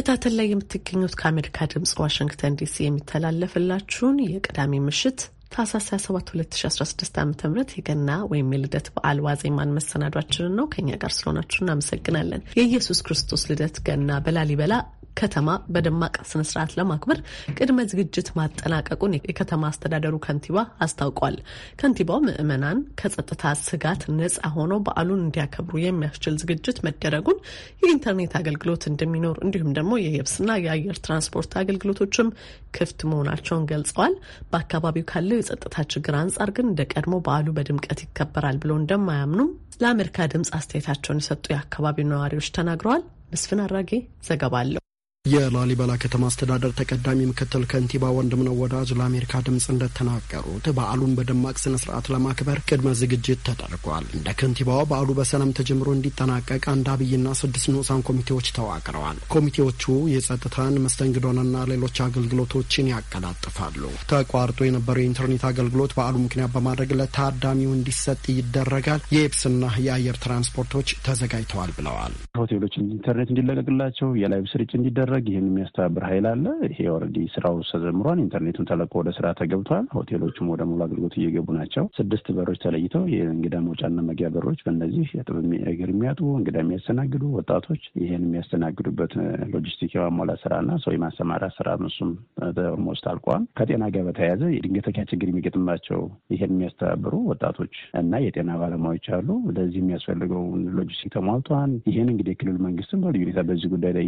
በመከታተል ላይ የምትገኙት ከአሜሪካ ድምጽ ዋሽንግተን ዲሲ የሚተላለፍላችሁን የቅዳሜ ምሽት ታህሳስ 27 2016 ዓ ም የገና ወይም የልደት በዓል ዋዜማን መሰናዷችንን ነው። ከኛ ጋር ስለሆናችሁ እናመሰግናለን። የኢየሱስ ክርስቶስ ልደት ገና በላሊበላ ከተማ በደማቅ ስነስርዓት ለማክበር ቅድመ ዝግጅት ማጠናቀቁን የከተማ አስተዳደሩ ከንቲባ አስታውቋል። ከንቲባው ምዕመናን ከጸጥታ ስጋት ነጻ ሆነው በዓሉን እንዲያከብሩ የሚያስችል ዝግጅት መደረጉን፣ የኢንተርኔት አገልግሎት እንደሚኖር እንዲሁም ደግሞ የየብስና የአየር ትራንስፖርት አገልግሎቶችም ክፍት መሆናቸውን ገልጸዋል። በአካባቢው ካለው የጸጥታ ችግር አንጻር ግን እንደ ቀድሞ በዓሉ በድምቀት ይከበራል ብለው እንደማያምኑም ለአሜሪካ ድምፅ አስተያየታቸውን የሰጡ የአካባቢው ነዋሪዎች ተናግረዋል። መስፍን አራጌ ዘገባ አለው። የላሊበላ ከተማ አስተዳደር ተቀዳሚ ምክትል ከንቲባ ወንድምነው ወዳጅ ለአሜሪካ ድምፅ እንደተናገሩት በዓሉን በደማቅ ስነ ስርዓት ለማክበር ቅድመ ዝግጅት ተደርጓል። እንደ ከንቲባው በዓሉ በሰላም ተጀምሮ እንዲጠናቀቅ አንድ አብይና ስድስት ንዑሳን ኮሚቴዎች ተዋቅረዋል። ኮሚቴዎቹ የጸጥታን መስተንግዶንና ሌሎች አገልግሎቶችን ያቀላጥፋሉ። ተቋርጦ የነበረው የኢንተርኔት አገልግሎት በዓሉ ምክንያት በማድረግ ለታዳሚው እንዲሰጥ ይደረጋል። የየብስና የአየር ትራንስፖርቶች ተዘጋጅተዋል ብለዋል። ሆቴሎች ኢንተርኔት እንዲለቀቅላቸው፣ የላይቭ ስርጭት እንዲደረግ ለማድረግ ይህን የሚያስተባብር ኃይል አለ። ይሄ ኦልሬዲ ስራው ተጀምሯል። ኢንተርኔቱን ተለቆ ወደ ስራ ተገብቷል። ሆቴሎቹም ወደ ሙሉ አገልግሎት እየገቡ ናቸው። ስድስት በሮች ተለይተው የእንግዳ መውጫና መግቢያ በሮች በእነዚህ እግር የሚያጡ እንግዳ የሚያስተናግዱ ወጣቶች ይህን የሚያስተናግዱበት ሎጂስቲክ የማሟላት ስራና ሰው የማሰማራት ስራ እሱም ኦልሞስት አልቋል። ከጤና ጋር በተያያዘ የድንገተኛ ችግር የሚገጥምባቸው ይህን የሚያስተባብሩ ወጣቶች እና የጤና ባለሙያዎች አሉ። ለዚህ የሚያስፈልገውን ሎጂስቲክ ተሟልቷል። ይህን እንግዲህ የክልል መንግስትም በልዩ ሁኔታ በዚህ ጉዳይ ላይ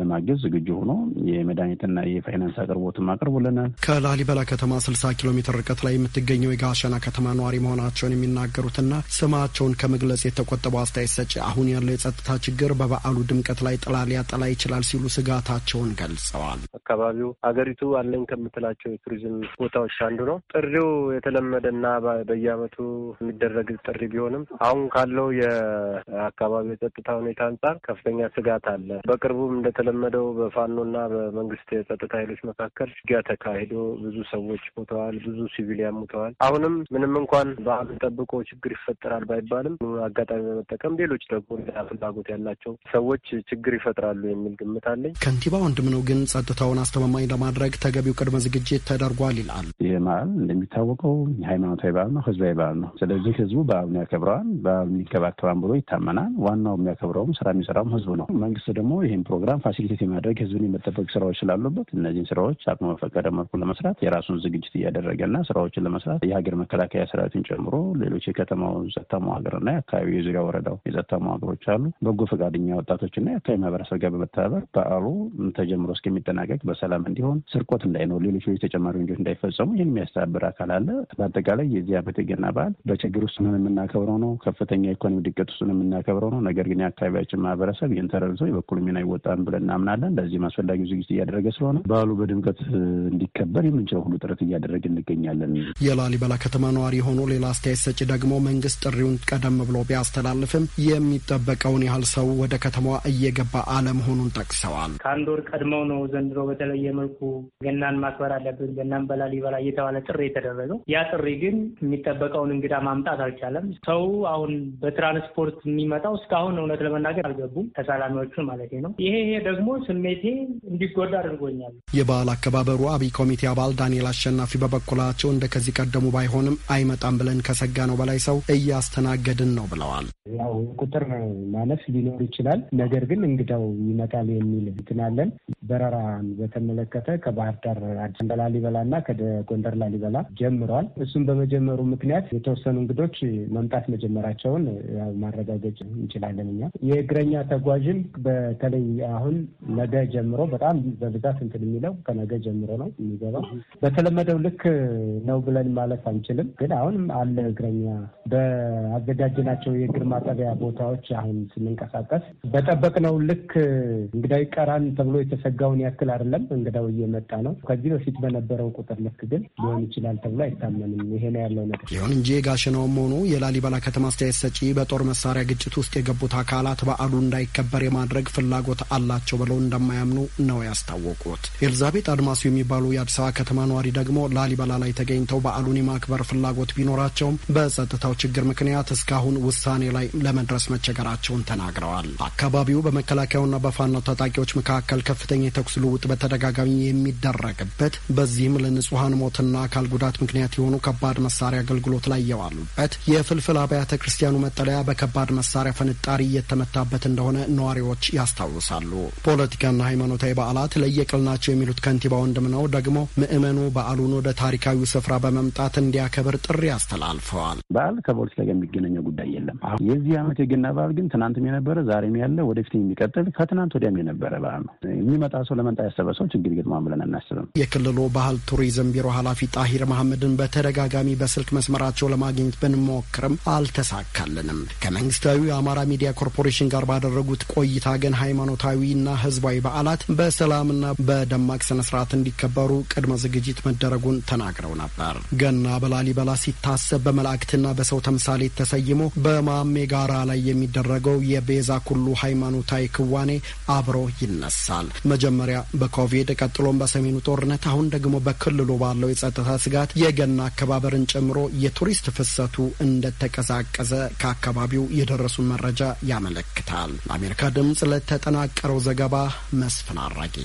ለማገዝ ዝግጁ ሆኖ የመድኃኒትና የፋይናንስ አቅርቦትም አቅርቡልናል። ከላሊበላ ከተማ ስልሳ ኪሎ ሜትር ርቀት ላይ የምትገኘው የጋሸና ከተማ ነዋሪ መሆናቸውን የሚናገሩትና ስማቸውን ከመግለጽ የተቆጠበው አስተያየት ሰጪ አሁን ያለው የጸጥታ ችግር በበዓሉ ድምቀት ላይ ጥላ ሊያጠላ ይችላል ሲሉ ስጋታቸውን ገልጸዋል። አካባቢው ሀገሪቱ አለኝ ከምትላቸው የቱሪዝም ቦታዎች አንዱ ነው። ጥሪው የተለመደና በየአመቱ የሚደረግ ጥሪ ቢሆንም አሁን ካለው የአካባቢው የጸጥታ ሁኔታ አንጻር ከፍተኛ ስጋት አለ። በቅርቡም እንደተለመደው በፋኖና በመንግስት የጸጥታ ኃይሎች መካከል ውጊያ ተካሂዶ ብዙ ሰዎች ሞተዋል፣ ብዙ ሲቪሊያን ሞተዋል። አሁንም ምንም እንኳን በዓሉን ጠብቆ ችግር ይፈጠራል ባይባልም አጋጣሚ በመጠቀም ሌሎች ደግሞ ሌላ ፍላጎት ያላቸው ሰዎች ችግር ይፈጥራሉ የሚል ግምት አለኝ። ከንቲባ ወንድም ነው ግን ጸጥታውን አስተማማኝ ለማድረግ ተገቢው ቅድመ ዝግጅት ተደርጓል ይላል። ይህ በዓል እንደሚታወቀው ሃይማኖታዊ በዓል ነው፣ ህዝባዊ በዓል ነው። ስለዚህ ህዝቡ በዓሉን ያከብረዋል፣ በዓሉን ይንከባከባል ብሎ ይታመናል። ዋናው የሚያከብረውም ስራ የሚሰራውም ህዝቡ ነው። መንግስት ደግሞ ይህን ፕሮግራም ፋሲሊቴት ለማድረግ ህዝብን የመጠበቅ ስራዎች ስላሉበት እነዚህን ስራዎች አቅመ በፈቀደ መልኩ ለመስራት የራሱን ዝግጅት እያደረገና ስራዎችን ለመስራት የሀገር መከላከያ ሰራዊትን ጨምሮ ሌሎች የከተማው ጸጥታ መዋቅርና የአካባቢ የዙሪያ ወረዳው የጸጥታ መዋቅሮች አሉ። በጎ ፈቃደኛ ወጣቶችና የአካባቢ ማህበረሰብ ጋር በመተባበር በዓሉ ተጀምሮ እስከሚጠናቀቅ በሰላም እንዲሆን፣ ስርቆት እንዳይኖር፣ ሌሎች ሌሎች ተጨማሪ ወንጀሎች እንዳይፈጸሙ ይህን የሚያስተባብር አካል አለ። በአጠቃላይ የዚህ ዓመት የገና በዓል በችግር ውስጥ ምን የምናከብረው ነው። ከፍተኛ ኢኮኖሚ ድቀት ውስጥ የምናከብረው ነው። ነገር ግን የአካባቢያችን ማህበረሰብ ይህን ተረድቶ የበኩሉ ሚና ይወጣል ብለን እናምናለን። እንችላለን። ለዚህም አስፈላጊው ዝግጅት እያደረገ ስለሆነ በዓሉ በድምቀት እንዲከበር የምንችለው ሁሉ ጥረት እያደረግ እንገኛለን። የላሊበላ ከተማ ነዋሪ የሆኑ ሌላ አስተያየት ሰጪ ደግሞ መንግስት ጥሪውን ቀደም ብሎ ቢያስተላልፍም የሚጠበቀውን ያህል ሰው ወደ ከተማዋ እየገባ አለመሆኑን ጠቅሰዋል። ከአንድ ወር ቀድመው ነው ዘንድሮ በተለየ መልኩ ገናን ማክበር አለብን፣ ገናን በላሊበላ እየተባለ ጥሪ የተደረገው። ያ ጥሪ ግን የሚጠበቀውን እንግዳ ማምጣት አልቻለም። ሰው አሁን በትራንስፖርት የሚመጣው እስካሁን እውነት ለመናገር አልገቡም፣ ተሳላሚዎቹን ማለት ነው። ይሄ ይሄ ደግሞ ስሜቴ እንዲጎዳ አድርጎኛል። የበዓል አከባበሩ አብይ ኮሚቴ አባል ዳንኤል አሸናፊ በበኩላቸው እንደ ከዚህ ቀደሙ ባይሆንም አይመጣም ብለን ከሰጋ ነው በላይ ሰው እያስተናገድን ነው ብለዋል። ያው ቁጥር ማለፍ ሊኖር ይችላል። ነገር ግን እንግዳው ይመጣል የሚል ትናለን። በረራን በተመለከተ ከባህር ዳር አዲስ ላሊበላና ከጎንደር ላሊበላ ጀምሯል። እሱም በመጀመሩ ምክንያት የተወሰኑ እንግዶች መምጣት መጀመራቸውን ማረጋገጥ እንችላለን። እኛ የእግረኛ ተጓዥም በተለይ አሁን ከነገ ጀምሮ በጣም በብዛት እንትን የሚለው ከነገ ጀምሮ ነው የሚገባው። በተለመደው ልክ ነው ብለን ማለት አንችልም፣ ግን አሁንም አለ እግረኛ በአዘጋጅናቸው የእግር ማጠቢያ ቦታዎች አሁን ስንንቀሳቀስ በጠበቅነው ልክ እንግዳው ይቀራን ተብሎ የተሰጋውን ያክል አይደለም። እንግዳው እየመጣ ነው። ከዚህ በፊት በነበረው ቁጥር ልክ ግን ሊሆን ይችላል ተብሎ አይታመንም። ይሄ ነው ያለው ነገር። ይሁን እንጂ የጋሸናውም ሆኑ የላሊበላ ከተማ አስተያየት ሰጪ በጦር መሳሪያ ግጭት ውስጥ የገቡት አካላት በዓሉ እንዳይከበር የማድረግ ፍላጎት አላቸው ብለው እንዳ እንደማያምኑ ነው ያስታወቁት። ኤልዛቤት አድማሱ የሚባሉ የአዲስ አበባ ከተማ ነዋሪ ደግሞ ላሊበላ ላይ ተገኝተው በዓሉን የማክበር ፍላጎት ቢኖራቸውም በጸጥታው ችግር ምክንያት እስካሁን ውሳኔ ላይ ለመድረስ መቸገራቸውን ተናግረዋል። አካባቢው በመከላከያውና በፋኖ ታጣቂዎች መካከል ከፍተኛ የተኩስ ልውውጥ በተደጋጋሚ የሚደረግበት በዚህም ለንጹሐን ሞትና አካል ጉዳት ምክንያት የሆኑ ከባድ መሳሪያ አገልግሎት ላይ የዋሉበት የፍልፍል አብያተ ክርስቲያኑ መጠለያ በከባድ መሳሪያ ፍንጣሪ እየተመታበት እንደሆነ ነዋሪዎች ያስታውሳሉ። ፖለቲካ የክርስቲያንና ሃይማኖታዊ በዓላት ለየቅል ናቸው የሚሉት ከንቲባ ወንድምነው ደግሞ ምእመኑ በዓሉን ወደ ታሪካዊ ስፍራ በመምጣት እንዲያከብር ጥሪ አስተላልፈዋል። በዓል ከፖሊስ ጋር የሚገናኘው ጉዳይ የለም። የዚህ ዓመት የገና በዓል ግን ትናንትም የነበረ ዛሬም ያለ ወደፊት የሚቀጥል ከትናንት ወዲያም የነበረ በዓል ነው። የሚመጣ ሰው ለመንጣ ያሰበ ሰው ችግር ይገጥማል ብለን አናስብም። የክልሉ ባህል ቱሪዝም ቢሮ ኃላፊ ጣሂር መሐመድን በተደጋጋሚ በስልክ መስመራቸው ለማግኘት ብንሞክርም አልተሳካልንም። ከመንግስታዊ የአማራ ሚዲያ ኮርፖሬሽን ጋር ባደረጉት ቆይታ ግን ሃይማኖታዊና ህዝባዊ ሃይማኖታዊ በዓላት በሰላምና በደማቅ ስነ ስርዓት እንዲከበሩ ቅድመ ዝግጅት መደረጉን ተናግረው ነበር። ገና በላሊበላ ሲታሰብ በመላእክትና በሰው ተምሳሌ ተሰይሞ በማሜ ጋራ ላይ የሚደረገው የቤዛ ኩሉ ሃይማኖታዊ ክዋኔ አብሮ ይነሳል። መጀመሪያ በኮቪድ ቀጥሎም በሰሜኑ ጦርነት አሁን ደግሞ በክልሉ ባለው የጸጥታ ስጋት የገና አከባበርን ጨምሮ የቱሪስት ፍሰቱ እንደተቀዛቀዘ ከአካባቢው የደረሱን መረጃ ያመለክታል። ለአሜሪካ ድምፅ ለተጠናቀረው ዘገባ መስፍን አራጌ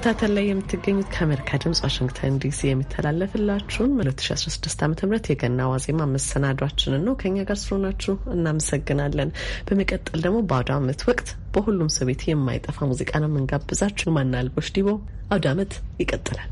መከታተል ላይ የምትገኙት ከአሜሪካ ድምጽ ዋሽንግተን ዲሲ የሚተላለፍላችሁን 2016 ዓ ም የገና ዋዜማ መሰናዷችንን ነው። ከኛ ጋር ስለሆናችሁ እናመሰግናለን። በመቀጠል ደግሞ በአውደ ዓመት ወቅት በሁሉም ሰው ቤት የማይጠፋ ሙዚቃ ነው የምንጋብዛችሁ። ማናልቦች ዲቦ አውደ ዓመት ይቀጥላል።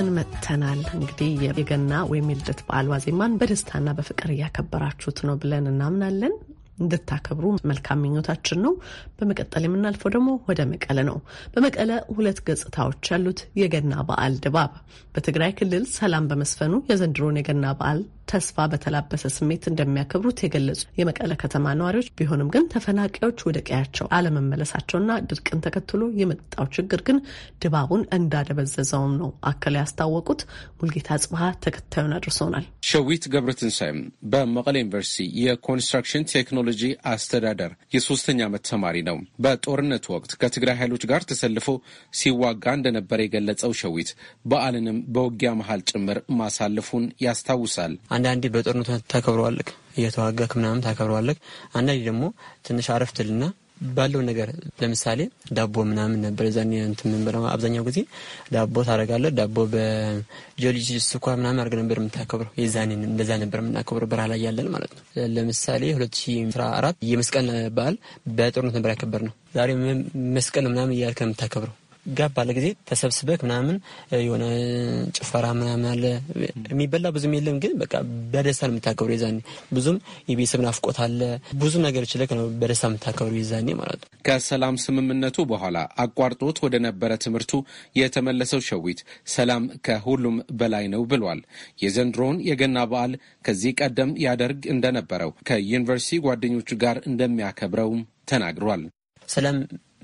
ተመልሰን መጥተናል። እንግዲህ የገና ወይም የልደት በዓል ዋዜማን በደስታና በፍቅር እያከበራችሁት ነው ብለን እናምናለን። እንድታከብሩ መልካም ምኞታችን ነው። በመቀጠል የምናልፈው ደግሞ ወደ መቀለ ነው። በመቀለ ሁለት ገጽታዎች ያሉት የገና በዓል ድባብ። በትግራይ ክልል ሰላም በመስፈኑ የዘንድሮን የገና በዓል ተስፋ በተላበሰ ስሜት እንደሚያከብሩት የገለጹ የመቀለ ከተማ ነዋሪዎች፣ ቢሆንም ግን ተፈናቃዮች ወደ ቀያቸው አለመመለሳቸውና ድርቅን ተከትሎ የመጣው ችግር ግን ድባቡን እንዳደበዘዘውም ነው አክል ያስታወቁት። ሙልጌታ ጽብሃ ተከታዩን አድርሶናል። ሸዊት ገብረ በመቀለ ዩኒቨርሲቲ የኮንስትራክሽን ቴክኖሎጂ አስተዳደር የሶስተኛ ዓመት ተማሪ ነው። በጦርነት ወቅት ከትግራይ ኃይሎች ጋር ተሰልፎ ሲዋጋ እንደነበረ የገለጸው ሸዊት በዓልንም በውጊያ መሀል ጭምር ማሳለፉን ያስታውሳል። አንዳንዴ በጦርነቱ ታከብረዋለክ እየተዋጋክ ምናምን ታከብረዋለክ። አንዳንዴ ደግሞ ትንሽ አረፍትልና ባለው ነገር ለምሳሌ ዳቦ ምናምን ነበር እዛ ምንበላው አብዛኛው ጊዜ ዳቦ ታደርጋለህ። ዳቦ በጆሊጅ ስኳር ምናምን አድርገህ ነበር የምታከብረው። የዛኔ እንደዛ ነበር የምናከብረው በረሃ ላይ ያለን ማለት ነው። ለምሳሌ 2014 የመስቀል በዓል በጦርነት ነበር ያከበር ነው። ዛሬ መስቀል ምናምን እያልከ የምታከብረው ጋብ ባለ ጊዜ ተሰብስበክ ምናምን የሆነ ጭፈራ ምናምን አለ። የሚበላ ብዙም የለም፣ ግን በቃ በደስታ ነው የምታከብረው። የዛኔ ብዙም የቤተሰብ ናፍቆት አለ። ብዙ ነገር ችለክ ነው በደስታ የምታከብረው የዛኔ ማለት ነው። ከሰላም ስምምነቱ በኋላ አቋርጦት ወደ ነበረ ትምህርቱ የተመለሰው ሸዊት ሰላም ከሁሉም በላይ ነው ብሏል። የዘንድሮውን የገና በዓል ከዚህ ቀደም ያደርግ እንደነበረው ከዩኒቨርሲቲ ጓደኞቹ ጋር እንደሚያከብረውም ተናግሯል። ሰላም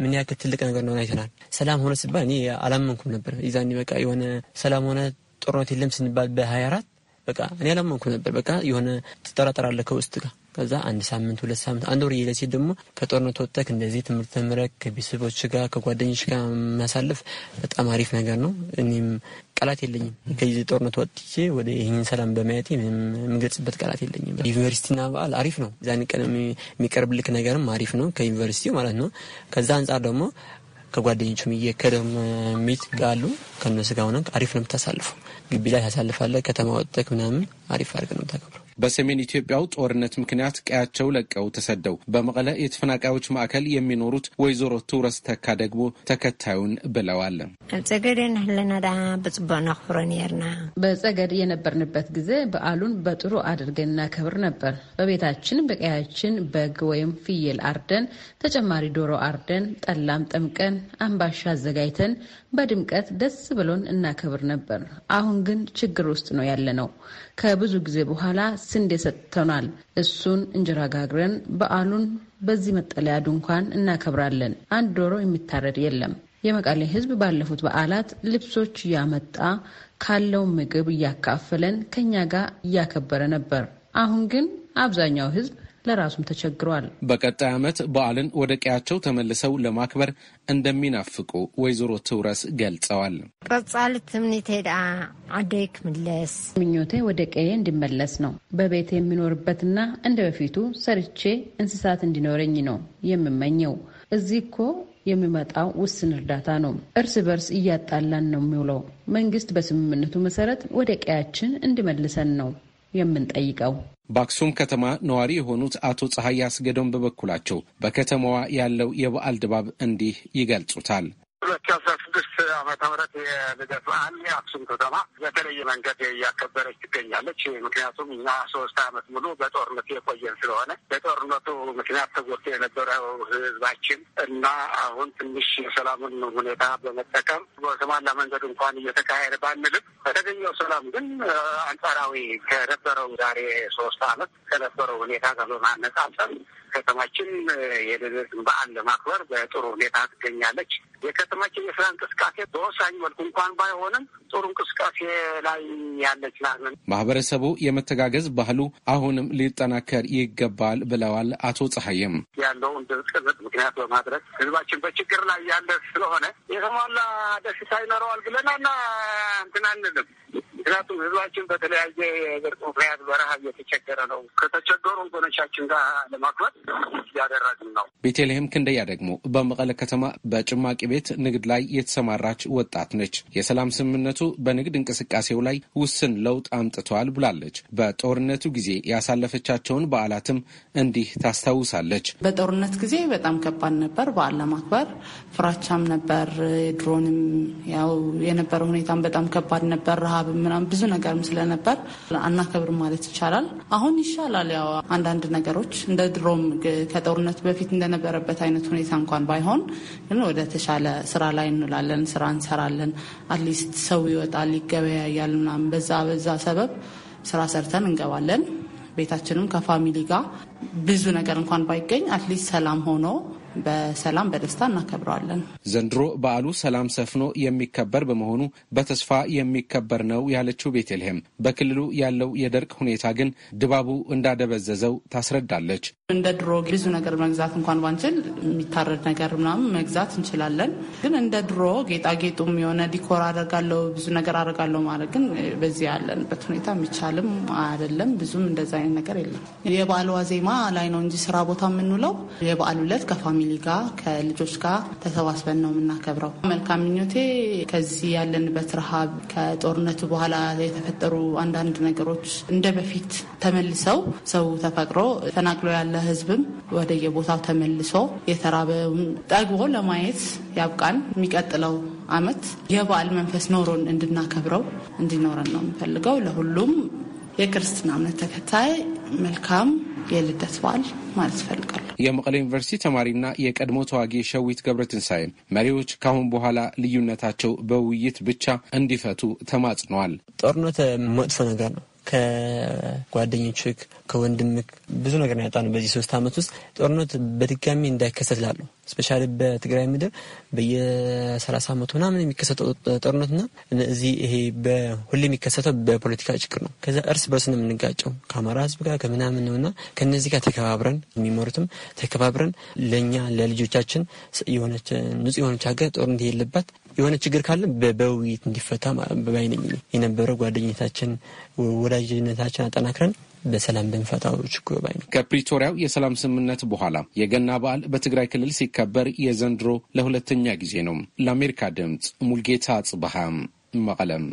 ምን ያክል ትልቅ ነገር እንደሆነ አይተናል። ሰላም ሆነ ሲባል እኔ አላመንኩም ነበር። ይዛኔ በቃ የሆነ ሰላም ሆነ ጦርነት የለም ስንባል በ24 በቃ እኔ አላመንኩም ነበር። በቃ የሆነ ትጠራጠራለህ ከውስጥ ጋር ከዛ አንድ ሳምንት ሁለት ሳምንት አንድ ወር እየሄደ ደግሞ ከጦርነት ወጥተህ እንደዚህ ትምህርት ተምረህ ከቤተሰቦች ጋር ከጓደኞች ጋር ማሳለፍ በጣም አሪፍ ነገር ነው። እኔም ቃላት የለኝም ከዚህ ጦርነት ወጥቼ ወደ ይህን ሰላም በማየቴ የምገልጽበት ቃላት የለኝም። ዩኒቨርሲቲና በዓል አሪፍ ነው። ዛን ቀን የሚቀርብልክ ነገርም አሪፍ ነው ከዩኒቨርሲቲው ማለት ነው። ከዛ አንጻር ደግሞ ከጓደኞቹም እየከደም ሚት ጋሉ ከነሱ ጋር ሆነ አሪፍ ነው የምታሳልፈው። ግቢ ላይ ታሳልፋለህ። ከተማ ወጥተህ ምናምን አሪፍ አድርገህ ነው የምታከብረው። በሰሜን ኢትዮጵያው ጦርነት ምክንያት ቀያቸው ለቀው ተሰደው በመቀለ የተፈናቃዮች ማዕከል የሚኖሩት ወይዘሮ ቱረስ ተካ ደግሞ ተከታዩን ብለዋል። በጸገድ የነበርንበት ጊዜ በዓሉን በጥሩ አድርገን እናከብር ነበር። በቤታችን በቀያችን በግ ወይም ፍየል አርደን፣ ተጨማሪ ዶሮ አርደን፣ ጠላም ጠምቀን፣ አምባሻ አዘጋጅተን በድምቀት ደስ ብሎን እናከብር ነበር። አሁን ግን ችግር ውስጥ ነው ያለነው። ከብዙ ጊዜ በኋላ ስንዴ ሰጥተናል። እሱን እንጀራ ጋግረን በዓሉን በዚህ መጠለያ ድንኳን እናከብራለን። አንድ ዶሮ የሚታረድ የለም። የመቀሌ ሕዝብ ባለፉት በዓላት ልብሶች እያመጣ ካለው ምግብ እያካፈለን ከኛ ጋር እያከበረ ነበር። አሁን ግን አብዛኛው ሕዝብ ለራሱም ተቸግሯል። በቀጣይ ዓመት በዓልን ወደ ቀያቸው ተመልሰው ለማክበር እንደሚናፍቁ ወይዘሮ ትውረስ ገልጸዋል። ቀጻል ትምኒት ሄዳ አደይ ክምለስ ምኞቴ ወደ ቀዬ እንዲመለስ ነው። በቤት የሚኖርበትና እንደ በፊቱ ሰርቼ እንስሳት እንዲኖረኝ ነው የምመኘው። እዚህ እኮ የሚመጣው ውስን እርዳታ ነው። እርስ በርስ እያጣላን ነው የሚውለው። መንግስት በስምምነቱ መሰረት ወደ ቀያችን እንዲመልሰን ነው የምንጠይቀው። በአክሱም ከተማ ነዋሪ የሆኑት አቶ ፀሐይ አስገዶም በበኩላቸው በከተማዋ ያለው የበዓል ድባብ እንዲህ ይገልጹታል። ሁለት አስራ ዓመተ ምህረት የልደት በዓል አክሱም ከተማ በተለየ መንገድ እያከበረች ትገኛለች። ምክንያቱም እኛ ሶስት ዓመት ሙሉ በጦርነቱ የቆየን ስለሆነ በጦርነቱ ምክንያት ተጎድቶ የነበረው ህዝባችን እና አሁን ትንሽ የሰላሙን ሁኔታ በመጠቀም በተሟላ መንገድ እንኳን እየተካሄደ ባንልም በተገኘው ሰላም ግን አንጻራዊ ከነበረው ዛሬ ሶስት ዓመት ከነበረው ሁኔታ ጋር በማነጻጸር ከተማችን የልደትን በዓል ለማክበር በጥሩ ሁኔታ ትገኛለች። የከተማችን የስራ እንቅስቃሴ በወሳኝ መልኩ እንኳን ባይሆንም ጥሩ እንቅስቃሴ ላይ ያለች ናት። ማህበረሰቡ የመተጋገዝ ባህሉ አሁንም ሊጠናከር ይገባል ብለዋል አቶ ፀሐይም ያለውን ድርቅርቅ ምክንያት በማድረግ ህዝባችን በችግር ላይ ያለ ስለሆነ የተሟላ ደስታ ይኖረዋል ብለናና እንትን አንልም ምክንያቱም ህዝባችን በተለያየ የእርቅ ምክንያት በረሃብ እየተቸገረ ነው። ከተቸገሩ ወገኖቻችን ጋር ለማክበር እያደረግን ነው። ቤተልሔም ክንደያ ደግሞ በመቀለ ከተማ በጭማቂ ቤት ንግድ ላይ የተሰማራች ወጣት ነች። የሰላም ስምምነቱ በንግድ እንቅስቃሴው ላይ ውስን ለውጥ አምጥተዋል ብላለች። በጦርነቱ ጊዜ ያሳለፈቻቸውን በዓላትም እንዲህ ታስታውሳለች። በጦርነት ጊዜ በጣም ከባድ ነበር። በዓል ለማክበር ፍራቻም ነበር። ድሮንም ያው የነበረ ሁኔታም በጣም ከባድ ነበር። ረሃብ ምና ምናምን ብዙ ነገርም ስለነበር አናከብርም ማለት ይቻላል። አሁን ይሻላል። ያው አንዳንድ ነገሮች እንደ ድሮም ከጦርነቱ በፊት እንደነበረበት አይነት ሁኔታ እንኳን ባይሆን ግን ወደ ተሻለ ስራ ላይ እንውላለን፣ ስራ እንሰራለን። አትሊስት ሰው ይወጣል፣ ይገበያያል ምናምን በዛ በዛ ሰበብ ስራ ሰርተን እንገባለን። ቤታችንም ከፋሚሊ ጋር ብዙ ነገር እንኳን ባይገኝ አትሊስት ሰላም ሆኖ በሰላም በደስታ እናከብረዋለን። ዘንድሮ በዓሉ ሰላም ሰፍኖ የሚከበር በመሆኑ በተስፋ የሚከበር ነው ያለችው ቤተልሔም በክልሉ ያለው የደርቅ ሁኔታ ግን ድባቡ እንዳደበዘዘው ታስረዳለች። እንደ ድሮ ብዙ ነገር መግዛት እንኳን ባንችል የሚታረድ ነገር ምናምን መግዛት እንችላለን። ግን እንደ ድሮ ጌጣጌጡም የሆነ ዲኮር አደርጋለሁ ብዙ ነገር አደርጋለሁ ማለት ግን በዚህ ያለንበት ሁኔታ የሚቻልም አይደለም። ብዙም እንደዛ አይነት ነገር የለም። የበዓል ዜማ ላይ ነው እንጂ ስራ ቦታ የምንውለው የበዓል ዕለት ከፋሚሊ ጋር ከልጆች ጋር ተሰባስበን ነው የምናከብረው። መልካም ምኞቴ ከዚህ ያለንበት ረሃብ ከጦርነቱ በኋላ የተፈጠሩ አንዳንድ ነገሮች እንደ በፊት ተመልሰው ሰው ተፈቅሮ ተፈናቅሎ ያለ ህዝብም ወደ የቦታው ተመልሶ የተራበውን ጠግቦ ለማየት ያብቃን። የሚቀጥለው አመት የበዓል መንፈስ ኖሮን እንድናከብረው እንዲኖረን ነው የምፈልገው። ለሁሉም የክርስትና እምነት ተከታይ መልካም የልደት በዓል ማለት ፈልጋለሁ። የመቀሌ ዩኒቨርሲቲ ተማሪና የቀድሞ ተዋጊ ሸዊት ገብረ ትንሳኤም መሪዎች ካሁን በኋላ ልዩነታቸው በውይይት ብቻ እንዲፈቱ ተማጽነዋል። ጦርነት መጥፎ ነገር ነው። ከጓደኞችክ ከወንድምክ ብዙ ነገር ያጣ ያጣነው በዚህ ሶስት ዓመት ውስጥ ጦርነት በድጋሚ እንዳይከሰት ላለሁ ስፔሻሊ በትግራይ ምድር በየ30 ዓመቱ ምናምን የሚከሰተው ጦርነትና እነዚህ ይሄ ሁሌ የሚከሰተው በፖለቲካ ችግር ነው። ከዛ እርስ በርስ ነው የምንጋጨው ከአማራ ህዝብ ጋር ከምናምን ነው ከነዚህ ጋር ተከባብረን የሚመሩትም ተከባብረን ለእኛ ለልጆቻችን የሆነች ንጹህ የሆነች ሀገር ጦርነት የለባት የሆነ ችግር ካለን በውይይት እንዲፈታ ባይነኝ የነበረው ጓደኝነታችን ወዳጅነታችን አጠናክረን በሰላም ብንፈታው ችግሩ ባይ ነው። ከፕሪቶሪያው የሰላም ስምምነት በኋላ የገና በዓል በትግራይ ክልል ሲከበር የዘንድሮ ለሁለተኛ ጊዜ ነው። ለአሜሪካ ድምፅ ሙልጌታ ጽብሃም መቀለም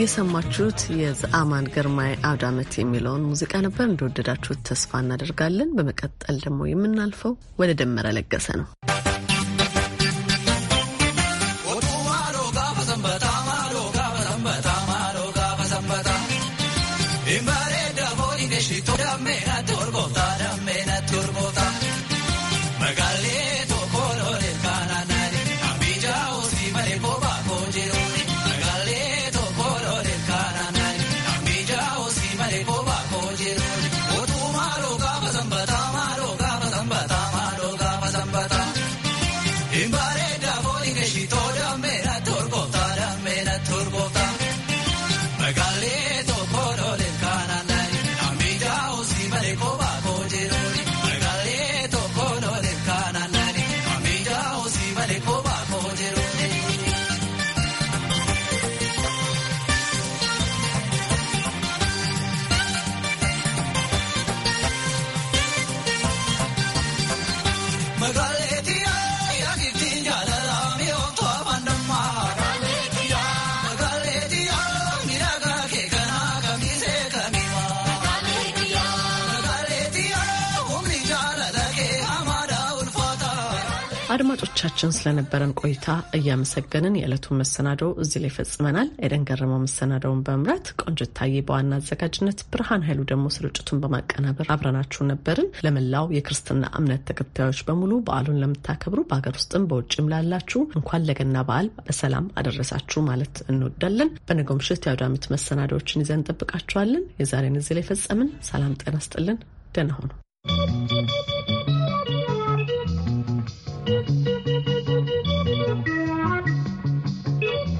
የሰማችሁት የዘአማን ግርማይ አውድ አመት የሚለውን ሙዚቃ ነበር። እንደወደዳችሁት ተስፋ እናደርጋለን። በመቀጠል ደግሞ የምናልፈው ወደ ደመረ ለገሰ ነው። ከአድማጮቻችን ስለነበረን ቆይታ እያመሰገንን የዕለቱን መሰናዶ እዚህ ላይ ፈጽመናል። ኤደን ገረመው መሰናዶውን በመምራት ቆንጅት ታዬ፣ በዋና አዘጋጅነት ብርሃን ኃይሉ ደግሞ ስርጭቱን በማቀናበር አብረናችሁ ነበርን። ለመላው የክርስትና እምነት ተከታዮች በሙሉ በዓሉን ለምታከብሩ በሀገር ውስጥም በውጭም ላላችሁ እንኳን ለገና በዓል በሰላም አደረሳችሁ ማለት እንወዳለን። በነገው ምሽት የአውደ ዓመት መሰናዶዎችን ይዘን እንጠብቃችኋለን። የዛሬን እዚህ ላይ ፈጸምን። ሰላም ጤና ስጥልን። ደህና ሁኑ።